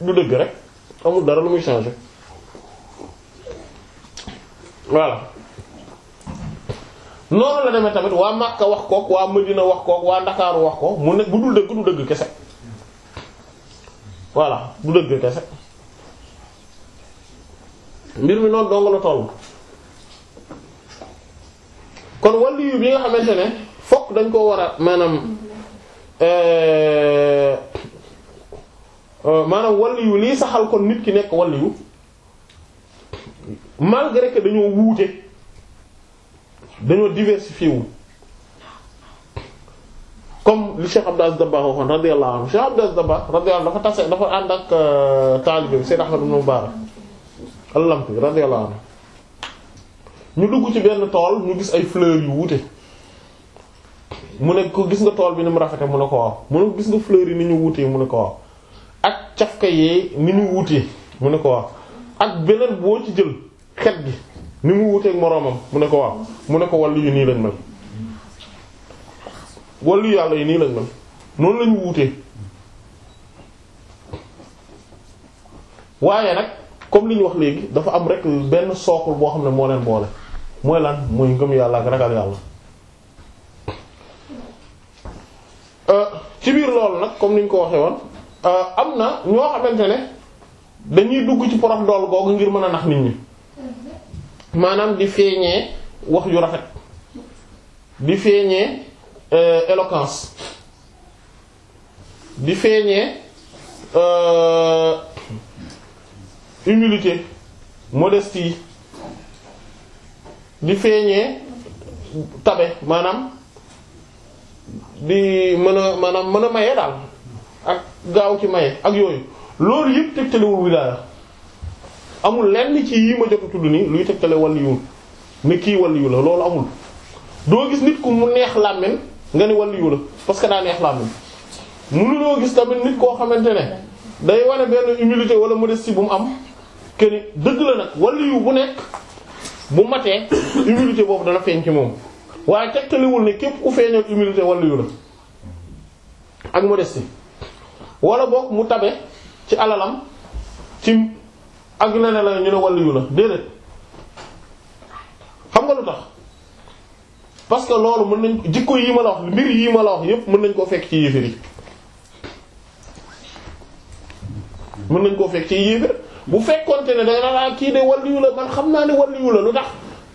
du dëgg rek amul dara lu muy changer voilà noonu la demee tamit waa Makka wax kook waa Medina wax kook waa Ndakaaru wax ko mu ne bu dul dëgg du dëgg kese voilà du dëgg kese mbir mi noonu dong la toll kon wàllu yu bi nga xamante ne fokk dañ koo war a maanaam Euh, euh, maanaam waliyu lii saxal kon nit ki nekk waliyu malgré que dañoo wuute dañoo diversifié wu comme li Cheikh Abdou Aziz Dabakh waxoon radiyallahu anhu Cheikh Abdou Aziz Dabakh radiyallahu anhu dafa tase dafa ànd ak euh, taalibe bi Seyd Ahmad ibn Mubarak al-Lamti radiyallahu anhu ñu dugg ci benn tool ñu gis ay fleurs yu wuute mu ne ko gis nga tool bi ni mu rafete mu ne ko waaw mu ne ko gis nga fleur yi ni ñu wutee mu ne ko waaw ak cafka yeey ni ñu wutee mu ne ko waaw ak beneen boo ci jël xet gi ni mu wuteeg moroomam mu ne ko waaw mu ne ko wàllu yu nii lañ mel wàllu yu yàlla yi nii lañ mel noonu lañu wutee waaye nag comme li ñu wax léegi dafa am rek benn sookul boo xam ne moo leen boole mooy lan mooy ngëm yàlla ak ragal yàlla Euh, ci biir loolu nag comme ni ñu ko waxee woon euh, am na ñoo xamante ne dañuy dugg ci porof dool googu ngir mën a nax nit ñi maanaam di feeñee wax yu rafet di feeñee euh, éloquence di feeñee humilité modestie di feeñee tabe maanaam di mën a maanaam mën a maye daal ak gaaw ci maye ak yooyu loolu yëpp tegtalewul wilaaya amul lenn ci yi ma jot a tudd nii luy tegtale waliyu ne kii waliyu la loolu amul doo gis nit ku mu neex làmmiñ nga ne waliyu la parce que daa neex làmmiñ mënuloo gis tamit nit koo xamante ne day wane benn humilité wala modestie bu mu am que ni dëgg la nag waliyu bu nekk bu matee humilité boobu dana feeñ ci moom. waaye tegtaliwul ne képp ku feeñal humilité wala yu la ak modestie wala boog mu tabe ci alalam ci ak leneen la ñu ne wala yu xam nga lu tax parce que loolu mën nañ jikko yi ma la wax mbir yi ma la wax yépp mën nañ koo fekk ci yéefér yi mën nañ koo fekk ci yéefér bu fekkonte ne da nga naan ah, kii de waliyu la man xam naa ne waliyu la lu tax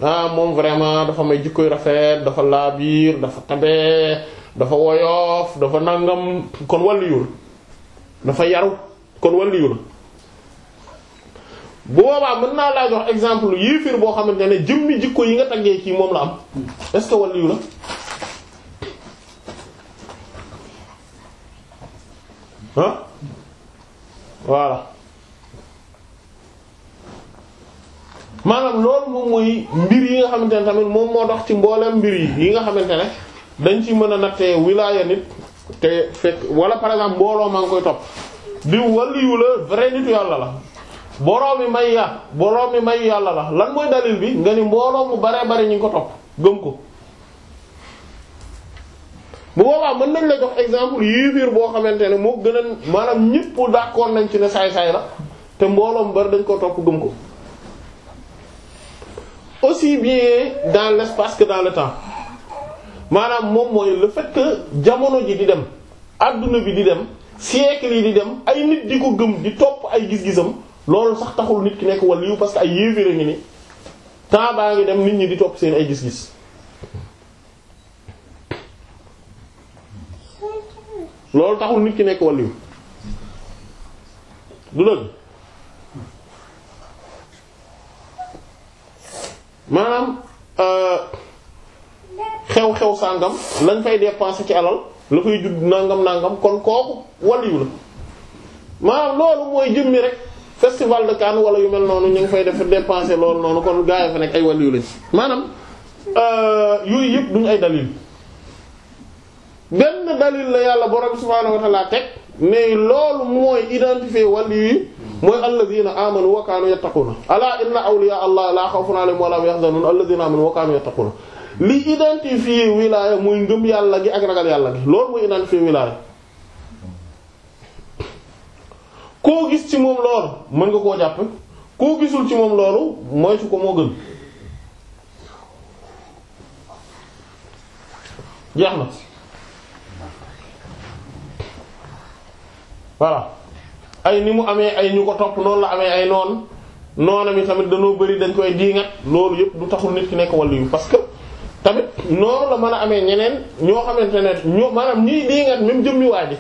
ah moom vraiment dafa may jikkoy rafet dafa laa laabiir dafa tabe dafa woyof dafa nangam kon wàlliyu dafa yaru kon wàlliyu bu boobaa mën naa laa jox exemple yéefir boo xamante ne jëmmi jikko yi nga taggee kii moom la am est-ce que wàlliyu maanaam loolu moom mooy mbir yi nga xamante ne tamit moom moo dox ci mboolem mbir yi yi nga xamante ne dañ ci mën a nattee wilaaya nit te fekk wala par exemple mbooloo maa ngi koy topp di waliyu la vrai nitu yàlla la boroom mi may ya may yàlla la lan mooy dalil bi nga ni mbooloo mu baree bari ñu ngi ko topp gëm ko bu boobaa mën nañ la jox exemple yii biir boo xamante ne moo gën a maanaam ñëpp d'accord nañ ci ne saay-saay la te mbooloo mu bari dañ koo topp gëm aussi bien dans l'espace que dans le temps maanaam moom mooy le fait que jamono ji di dem adduna bi di dem siècle yi di dem ay nit di ko gëm di topp ay gis-gisam loolu sax taxul nit ki nekk waliyu parce que ay yéeféer a ngi ni temps baa ngi dem nit ñi di topp seen ay gis-gis loolu taxul nit ki nekk waliyu du dëgg maanaam xew-xew euh, sàngam lañ fay dépenser ci alal lu fay judd nangam nangam kon kooku waliyu la maanaam loolu mooy jëmmi rek festival de Cannes wala yu mel noonu ñu ngi fay def dépenser loolu noonu kon gaa yi fa nekk ay waliyu lañ maanaam euh, yooyu yëpp duñu ay dalil benn dalil la yàlla borom subhaanahu wa teg. mais loolu mooy identifier wàllu yi mooy alladhina amanu wa kaanu yattaquna ala inna awliya allah la khawfun alayhim wa la hum yahzanun alladhina amanu wa kaanu yattaquna li identifier wilaya muy ngëm yàlla gi ak ragal yàlla gi loolu mooy identifier wilaya koo gis ci moom loolu mën nga koo jàpp koo gisul ci moom loolu mooy su ko moo gën jeex na voilà ay ni mu amee ay ñu ko topp noonu la amee ay noon noonam yi tamit dañoo bëri dañ koy diingat loolu yëpp du taxul nit ki nekk wàllu yu parce que tamit noonu la mën a amee ñeneen ñoo xamante ne ñoo maanaam ñiy diingat même jëmmi waa ji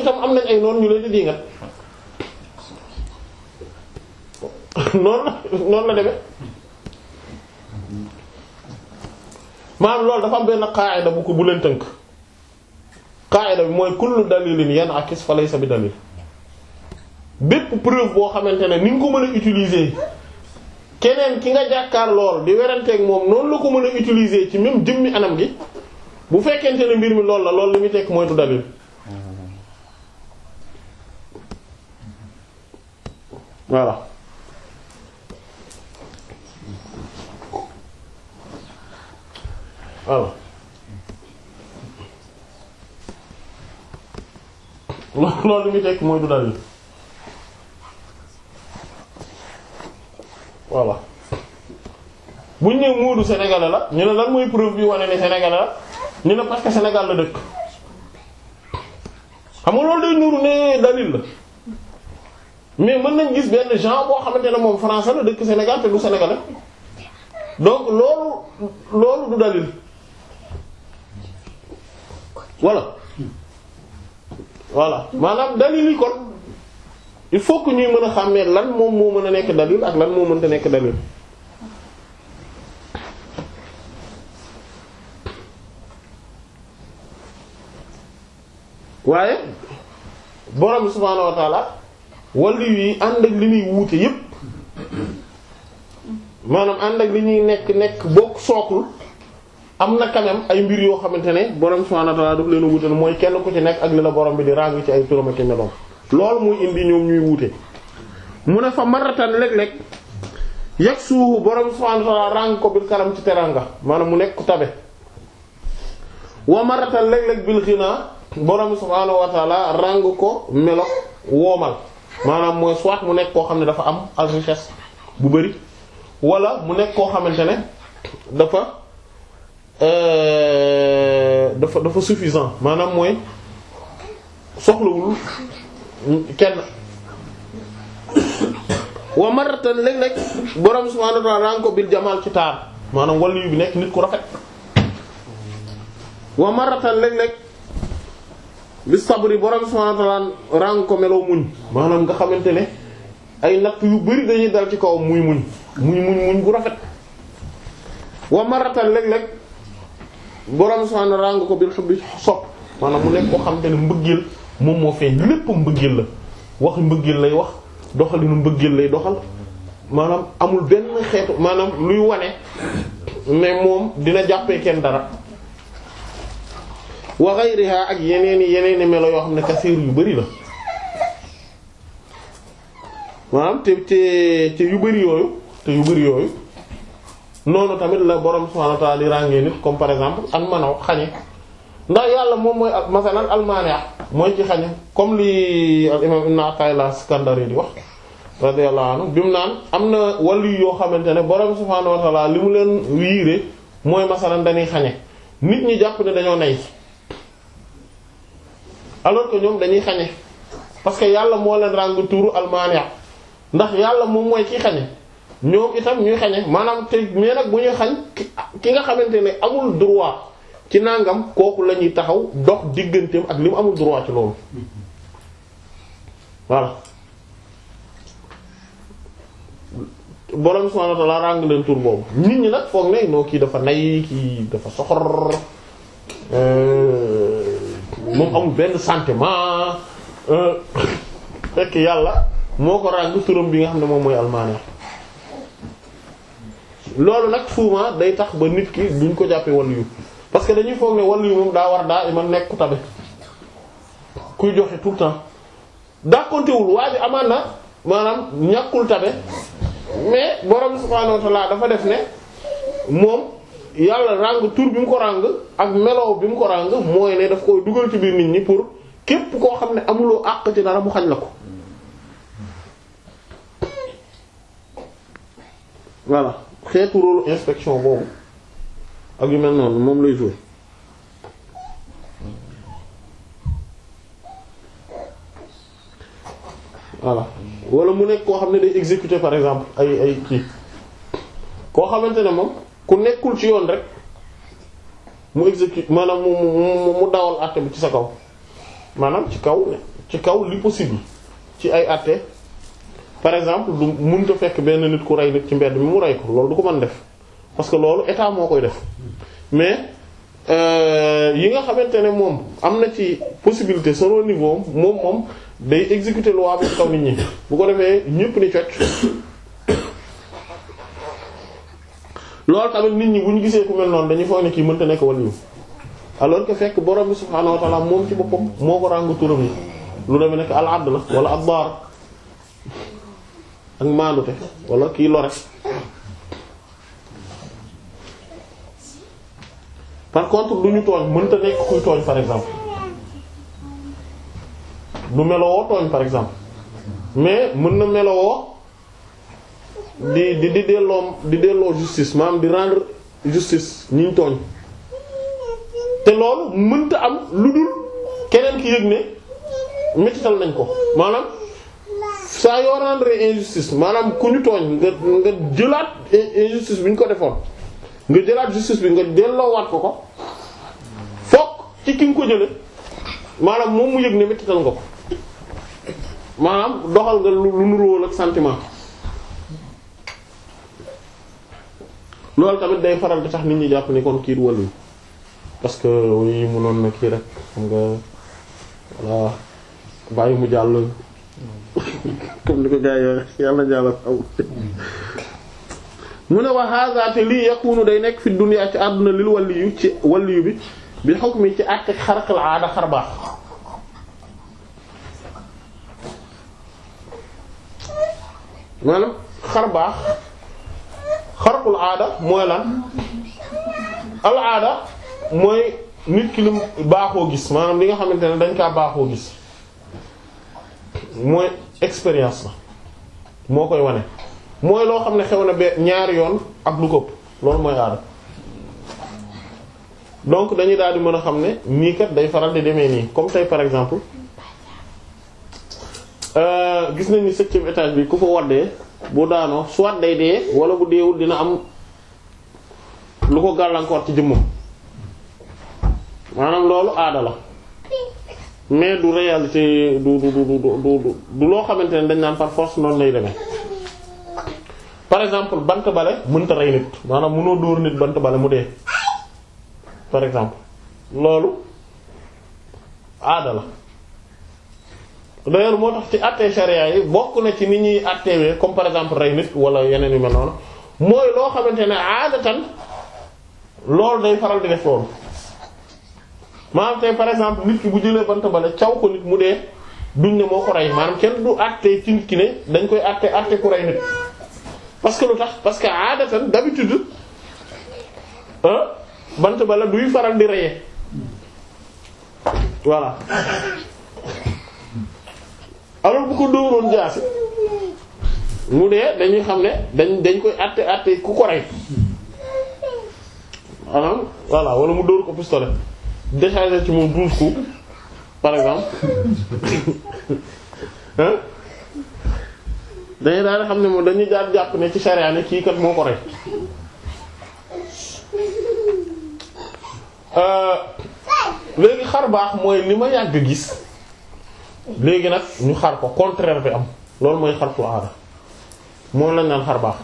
itam am nañ ay noon ñu leen di diingat noonu la noonu la deme maanaam loolu dafa am benn qaa'ida bu ko bu leen tënk. qaida bi mooy kullu dalilin yan'akis fa laysa bi dalil bépp preuve boo xamante ne ni nga ko mën a utiliser keneen ki nga jàkkaar lool di weranteeg moom noonu la ko mën a utiliser ci même jëmmi anam gi bu fekkente ne mbir mi lool la lool li muy tekk mooy du dalil loolu li muy tekk mooy du dalil voilà buñ ne Moodu sénégalais la ñu ne lan mooy preuve bi wane ne sénégalais la ñu ne parce que Sénégal la dëkk xam nga loolu day nuru ne dalil la mais mën nañ gis benn genre boo xamante ne moom français la dëkk Sénégal te du sénégalais donc loolu loolu du dalil voilà voilà maanaam dalil yi kon il faut que ñuy mën a xàmmee lan moom moo mën a nekk dalil ak lan moo mënta nekk dalil waaye borom subhaanahu wa taala yi ànd ak li muy wuute yépp maanaam ànd ak li ñuy nekk nekk bokk sookul am na quand ay mbir yoo xamante ne borom subhanahu wa ta'ala leen a mooy kenn ko ci nekk ak li la borom bi di ràng ci ay turam ak meloom loolu muy indi ñoom ñuy wuute. mu ne fa maratan léeg-léeg yegg suufu borom subhanahu ràng ko ci teranga maanaam mu nekk ku tabe wa maratan léeg-léeg bil xinaa borom subhanahu ràng ko melo woomal maanaam mooy soit mu nekk koo xam ne dafa am ak bu bari wala mu nekk koo xamante ne dafa. Euh, dafa dafa suffisant maanaam mooy soxlawul kenn wa maratan léeg-léeg borom subhaanahu wa ta'aala rang ko bil jamaal ci taar maanaam wàllu bi nekk nit ku rafet wa maratan léeg-léeg li sabri borom subhaanahu wa ta'aala rang ko meloo muñ maanaam nga xamante ne ay natt yu bari dañuy dal ci kaw muy muñ muy muñ muñ bu rafet wa maratan léeg-léeg borom subhaanahu wa ta'aala ko bil hubbi sopp maanaam mu nekk koo xam te ne mbëggeel moom moo feeñ lépp mbëggeel la waxi mbëggeel lay wax doxalinu mbëggeel lay doxal maanaam amul benn xeetu maanaam luy wane mais moom dina jàppee kenn dara wa ghayriha ak yeneeni yeneeni melo yoo xam ne kasiir yu bari la maanaam te te te yu bari yooyu te yu bari yooyu noonu tamit la borom subhaanahu wa ta'aala di ràññee nit comme par exemple al manaw xañe ndax yàlla moom mooy masalan al maani' mooy ci xañe comme lii al imaam Ibn Ata'illah Iskandari di wax radiyallahu anhu bi mu naan am na wàllu yoo xamante ne borom subhaanahu wa ta'aala li mu leen wiire mooy masalan dañuy xañe nit ñi jàpp ne dañoo nay alors que ñoom dañuy xañe parce que yàlla moo leen ràng tuuru al maani' ndax yàlla moom mooy ki xañe. ñoom itam ñuy xañe maanaam te mais nag bu ñuy xañ ki nga xamante ne amul droit ci nangam kooku la ñuy taxaw dox digganteem ak li mu amul droit ci loolu voilà borom subhanahu ràng leen tur boobu nit ñi nag foog ne noo kii dafa nay kii dafa soxor euh, moom amul benn sentiment euh, [coughs] fekk yàlla moo ko ràng turam bi nga xam ne moom mooy almaane loolu nag souvent day tax ba nit ki duñ ko jàppee waliyu parce que dañuy foog ne waliyu moom daa war daal man nekk ku tabe kuy joxe tout le temps waa ji amaan na maanaam ñàkkul tabe mais borom subhaanahu wa dafa def ne moom yàlla ràng tur bi mu ko ràng ak melow bi mu ko ràng mooy ne daf koy dugal ci biir nit ñi pour képp koo xam ne amuloo àq ci dara mu xañ la ko voilà xeetu rôle inspection boobu ak yu mel noonu moom lay jouer voilà wala mu nekk koo xam ne day exécuter par exemple ay ay kii koo xamante ne moom ku nekkul ci yoon rek mu exécute maanaam mu mu mu dawal àtte bi ci sa kaw maanaam ci kaw ci kaw li possible ci ay àtte par exemple du mënut fekk benn nit ku rey nit ci mbedd mi mu rey ko loolu du ko mën def parce que loolu état moo koy def mais euh, yi nga xamante ne moom am na ci possibilité solo niveau moom moom day exécuter loi bi ci bu ko defee ñépp ni cocc loolu tamit nit ñi bu gisee ku mel noonu dañuy foog ne kii mënta nekk wàllu alors que fekk borom bi subhaanahu wa ta'ala moom ci boppam moo ko ràng turam yi lu demee nekk al abd la wala abbar ak maandute wala kii lore par contre du ñu tooñ mënta nekk kuy tooñ par exemple du melowoo tooñ par exemple mais mën na melowoo di di di delloo di delloo justice maanaam di rendre justice ñiñ tooñ te loolu mënta am lu dul keneen ki yëg ne mettital nañ ko maanaam saa yoo rendre injustice maanaam ku ñu tooñ nga nga jëlaat injustice bi ñu ko defoon nga jëlaat justice bi nga delloowaat ko ko fokk ci ki nga ko jële maanaam moom mu yëg ne mettital nga ko maanaam doxal nga lu nuróol ak sentiment loolu tamit day faral di tax nit ñi jàpp ni kon kii wàllu parce que yi mënoon na kii rek xam nga bàyyi mu jàll comme ni ko gars yi yàlla njàlla am mu ne wa haza lii yakunu day nekk fi dunya ci àdduna lil waliyu ci waliyu bi bi hukmi ci àtt xarqal aada xarbaax maanaam baax xarqul aada mooy lan al aada mooy nit ki lim baaxoo gis maanaam li nga xamante ne dañ kaa baaxoo gis mooy expérience la moo koy wane mooy loo xam ne xew na ba ñaari yoon ak lu këpp loolu mooy aada donc dañuy daal di mën a xam ne nii kat day faral di demee nii comme tey par exemple euh, gis nañ ni septième étage bi ku ko waddee bu daanoo soit day dee wala bu deewul dina am lu ko gàllankoor ci jëmmam maanaam loolu aada la mais du réalité du du du du du loo xamante ne dañ naan par force noonu lay demee par exemple bant bale mënta rey nit maanaam mënoo dóor nit bant bale mu dee par exemple loolu aada la moo tax ci àttee charia yi bokk na ci ni ñuy àttewee comme par exemple rey nit wala yeneen yu mel noonu mooy loo xamante ne aadatan loolu day faral di def loolu maanaam tey par exemple nit ki bu jëlee bant bale caw ko nit mu dee duñ ne moo ko rey maanaam kenn du àttee ci nit ki ne dañ koy àtte àtte ku rey que lu parce que aadatan d'habitude bant bala duy faral di reyee voilà alors bu ko dóoroon mu dee dañuy xam ne dañ dañ koy àtte àtte ku ko rey maanaam voilà wala mu dóor ko pistolet déchargé ci moom douze coups par exemple hein dañuy daal ne moom dañuy jaar jàpp ne ci charia ne kii kat moo ko rey euh, léegi xar baax mooy li ma yàgg gis léegi nag ñu xar ko contraire bi am loolu mooy xar fu aada moom lañ naan xar baax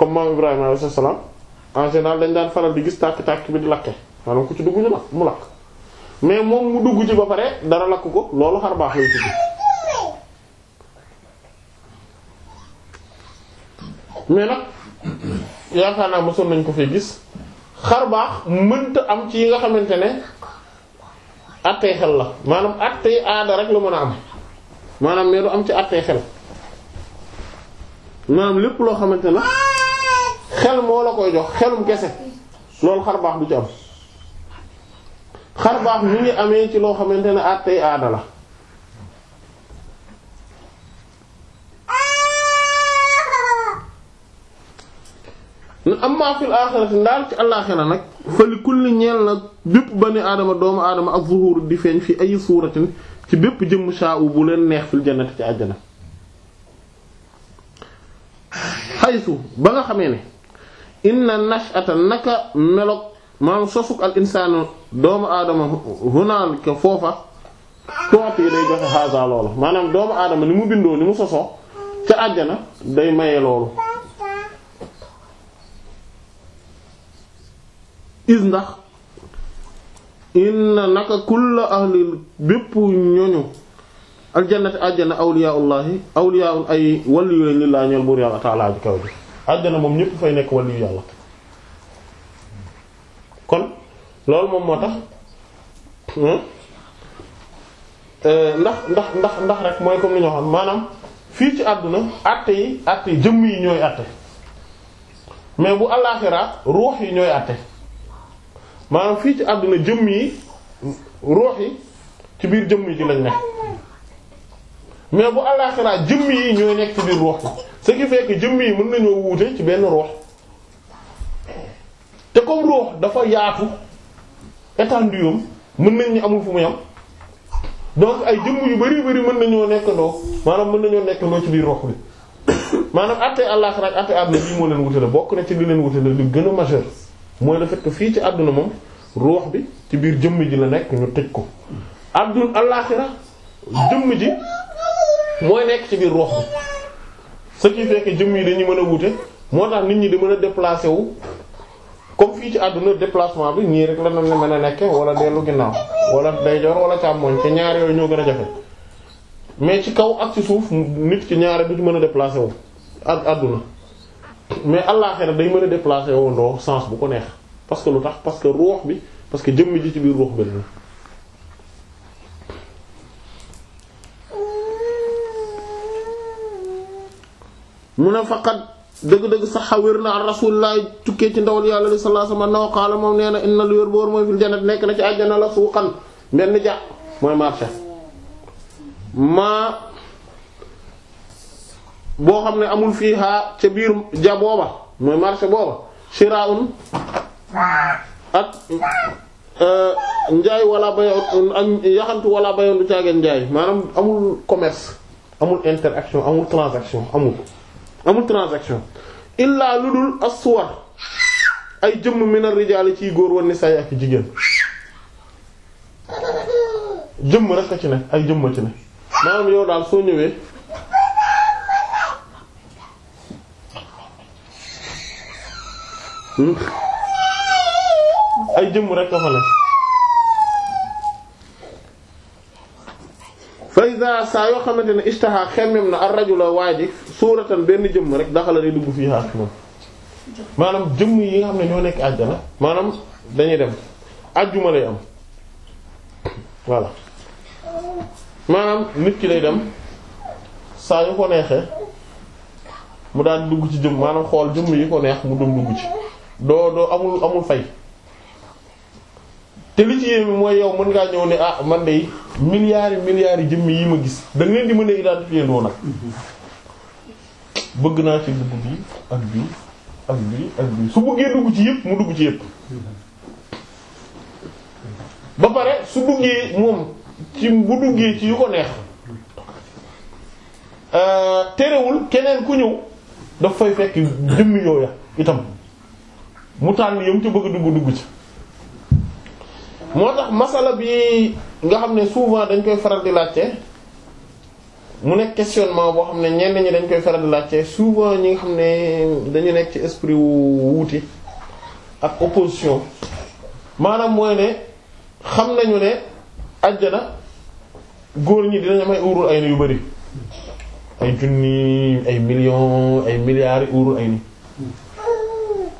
comme maam Ibrahima alayhi salaam en dañ daan faral di gis tàkk-tàkk bi di lakke maanaam ku ci dugg ñu lakk mu lakk mais moom mu dugg ci ba pare dara lakk ko loolu xar baax lay tudd mais nag yaakaar naa mosoon nañ ko fee gis xar baax mënta am ci yi nga xamante ne attee xel la maanaam attee aada rek la mën a am maanaam mais du am ci attee xel maanaam lépp loo xamante ne xel moo koy jox xelum kese loolu xar baax am xar ci loo xamante ne àttey aada la amma fil nag fa li kulli ñeel nag bépp bani aadama doomu aadama ak zuhuur di feeñ fi ay suuratin ci bépp jëmm saawu bu leen neex fil jannati ci àjjana xaytu ba nga xamee ne inna nash'ata naka meloog maanaam sosug al insaanu doomu aadama hunaal ka foofa tooti day joxe haza loolu maanaam doomu aadama ni mu bindoo ni mu sosoo ca àjjana day maye loolu is ndax inna naka kulla ahli bépp ñoñu aljannati àjjana awliyaullahi awliyaul ay wàllu yooyu lillaa ñool buur yàlla taalaa ji kaw ji àjjana moom ñépp fay nekk wàllu yàlla kon loolu moom moo tax hmm? euh, ndax ndax ndax ndax rek mooy comme ni ñoo xam maanaam fii ci àdduna àtte yi àtte yi jëmm yi ñooy àtte mais bu àllaaxira ruux yi ñooy àtte maanaam fii ci àdduna jëmm yi ruux yi ci biir jëmm yi ci lañ nekk mais bu àllaaxira jëmm yi ñooy nekk ci biir ruux yi ce qui fait que jëmm yi mën nañoo wuute ci benn ruux te comme ruux dafa yaatu étendue am mën nañ ñu amul fu mu yam donc ay jëmm yu bari bari mën nañoo nekkandoo maanaam mën nañoo nekkandoo ci biir ruux bi [coughs] maanaam àttee àllaaxira ak àttee na bii moo leen wutale bokk na ci li leen wutale lu gën a majeur mooy la fait que fii ci àdduna moom ruux bi ci biir jëmm ji la nekk ñu tëj ko àdduna àllaaxira jëmm ji mooy nekk ci biir ruux bi sa qui fait que jëmm yi dañuy mën a wuute moo tax nit ñi di mën a déplacer wu comme fii ci àdduna déplacement bi ñii rek la na mën a nekke wala dellu ginnaaw wala ndeyjoor wala càmmoñ te ñaar yooyu ñoo gën a jafe mais ci kaw ak si suuf nit ci bu du mën a déplacer wu ak àdduna mais àllaxira day mën a déplacer wu ndoo sens bu ko neex parce que lu tax parce que ruux bi parce que jëmm ji ci biir ruux bi la mu ne faqat dëgg-dëgg saxa wér na an tukkee ci ndawal yàlla li sallallahu alayhi wasallam qaala moom nee na inna lu wér boor mooy fil nekk na ci àjjana la suuqan mel ni ja mooy marché maa boo xam ne amul fii xaa ca biir ja booba mooy marché booba shiraun ak euh, njaay wala bayoon yaxantu wala bayoon du caageen njaay maanaam amul commerce amul interaction amul transaction amul amul transaction illaa lu dul aswar ay jëmm minar rijaali ciy góor wan ni say ak jigéen jëmm rek a ci ne ay jëmm ci ne maanaam yow daal soo ñëwee hmm? ay jëmm rek a fa ne iza saa yoo xamante ne ishtaha xemmem na ar-rajula waa ji suuratan benn jëmm rek daxala day dugg fii xaar moom maanaam jëmm yi nga xam ne ñoo nekk àjjana maanaam dañuy dem àjjuma lay am voilà maanaam nit ki lay dem saa yu ko neexee mu daan dugg ci jëmm maanaam xool jëmm yi ko neex mu dem dugg ci doo doo amul amul fay. te li ci yéeme mooy yow mën ngaa ñëw ne ah man de milliards yi milliards yi jëmm yi ma gis da nga leen di mën a identifier noonu nag bëgg naa ci dugg bi ak bi ak bi ak bi su bëggee dugg ci yëpp mu dugg ci yëpp ba pare su duggee moom ci bu duggee ci yu ko neex euh, terewul keneen ku ñëw daf fay fekk jëmm yooya itam mu tànn yam ci bëgg dugg dugg ci moo tax masala bi nga xam ne souvent dañ koy faral di laajte mu nekk questionnement boo xam ne ñenn ñi dañ koy faral di laajte souvent ñi nga xam ne dañu nekk ci esprit wu wuute ak opposition maanaam mooy ne xam nañu ne àjj àjjana góor ñi dinañ am ay urul ay ni yu bari ay junni ay millions ay milliards urul ay ni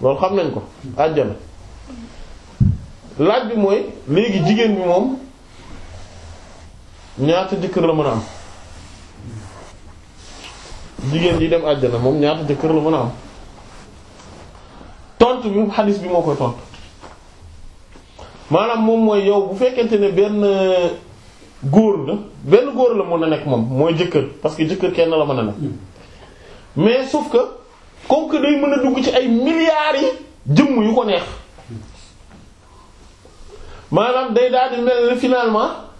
loolu xam nañ ko àjjana laaj bi mooy léegi jigéen bi moom ñaata jëkkër la mën a am jigéen di dem àjjana moom ñaata jëkkër la mën a am tontu bi xalis bi moo koy tontu maanaam moom mooy yow bu fekkente ne benn góor la benn góor la mën a nekk moom mooy jëkkër parce que jëkkër kenn la mën a nekk mais sauf que comme day mën a dugg ci ay milliards yi jëmm yu ko neex. maanaam day daal mel ne finalement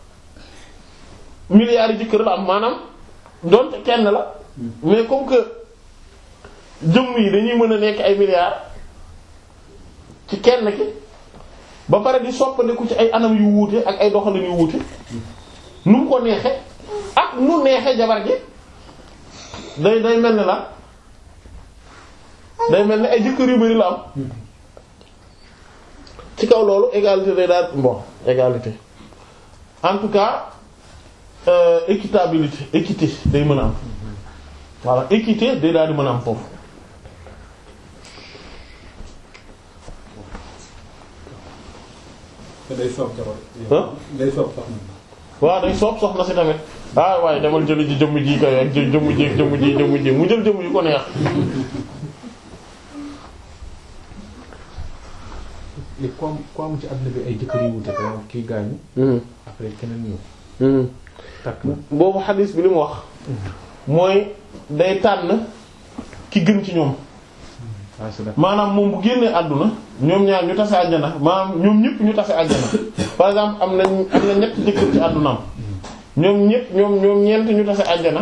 milliards yi jëkkër la am maanaam donte kenn la mais comme que jëmm yi dañuy mën a nekk ay milliards ci kenn ki ba pare di soppandeku ci ay anam yu wuute ak ay doxalin yu wuute nu mu ko neexe ak nu neexe jabar ji day day mel ne la day mel ni ay jëkkër yu bari la am ci kaw loolu égalité day daal bon égalité en tout cas euh, équitabilité équité day mën a am voilà équité day daal di mën a am foofu. day soob day waaw day soob soxna si tamit ah waaye demal jëli ji jëmm jii kay ak jëmm ji jëmm ji mu jël jëmm ji ko neex. lépp ku am ku am ci àdduna bi ay jëkkër yu wute ko kii gaañu. Hmm. après keneen hmm. boobu xadis bi li mu wax. Hmm. mooy day tànn ki gën ci ñoom. Ah, maanaam moom bu génnee àdduna ñoom ñaar ñu tase àjjana maanaam ñoom ñëpp ñu tase àjjana par exemple am na ñoom ñëpp ñoom ñoom ñeent ñu tase àjjana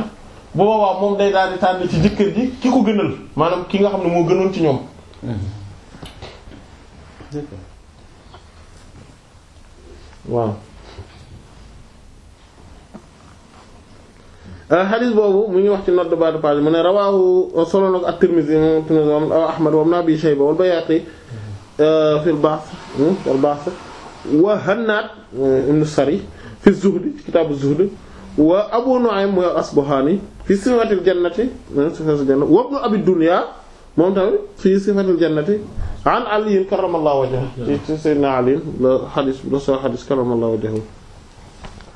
bu boobaa moom day daal di tànn ci jëkkër ji ki ko gënal maanaam ki nga xam ne moo gënoon ci ñoom waaw xadis euh, boobu mu ngi wax ci nodd baatu page mu ne rawaahu euh, solo nag at-Tirmidhi moom Tirmidhi moom euh, Ahmad wa Ibn Abi Shayba wal Bayhaqi fi al-Ba'th hmm, al-Ba'th wa Hannad ibn Sari fi az-Zuhd ci kitaabu az-Zuhd wa Abu Nu'aym wa fi Simatil Jannati fi hmm, Jannati wa Ibn Abi Dunya moom tamit fii sifatul jannati an aliin karamallahu wajhahu ci sayyidina aliin la xadis la soo xadis karamallahu wajhahu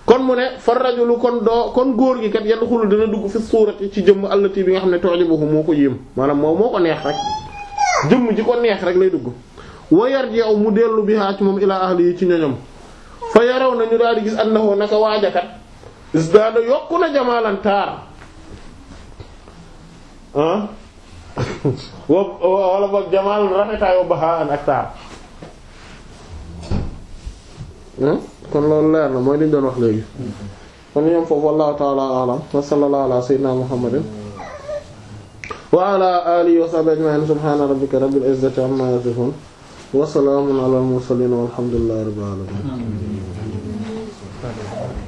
kon mu ne fa rajulu kon doo kon góor gi kat yaddu xulu dana dugg fi suurati ci jëmm allati bi nga xam ne tu'jibuhu moo ko yéem maanaam moom moo ko neex rek jëmm ji ko neex rek lay dugg wa yarji'u mu dellu bihaa ci moom ilaa ahli yi ci ñoñom fa yaraw na ñu daal di gis annahu naka waajakat isdaada yokku na jamaalan taar ah? wala boog jamaal rafetaayu bahaan ak taar hmm? kon loolu leer na mooy liñ doon wax léegi kon ñoom foofu wallahu ta'ala a'lam wa sallallahu ala sayyidina muhammadin wa ala alihi wa sahbihi ajma'in subhana rabbika rabbil izzati amma yasifun wa salamun ala al mursalin walhamdulillahi rabbil alamin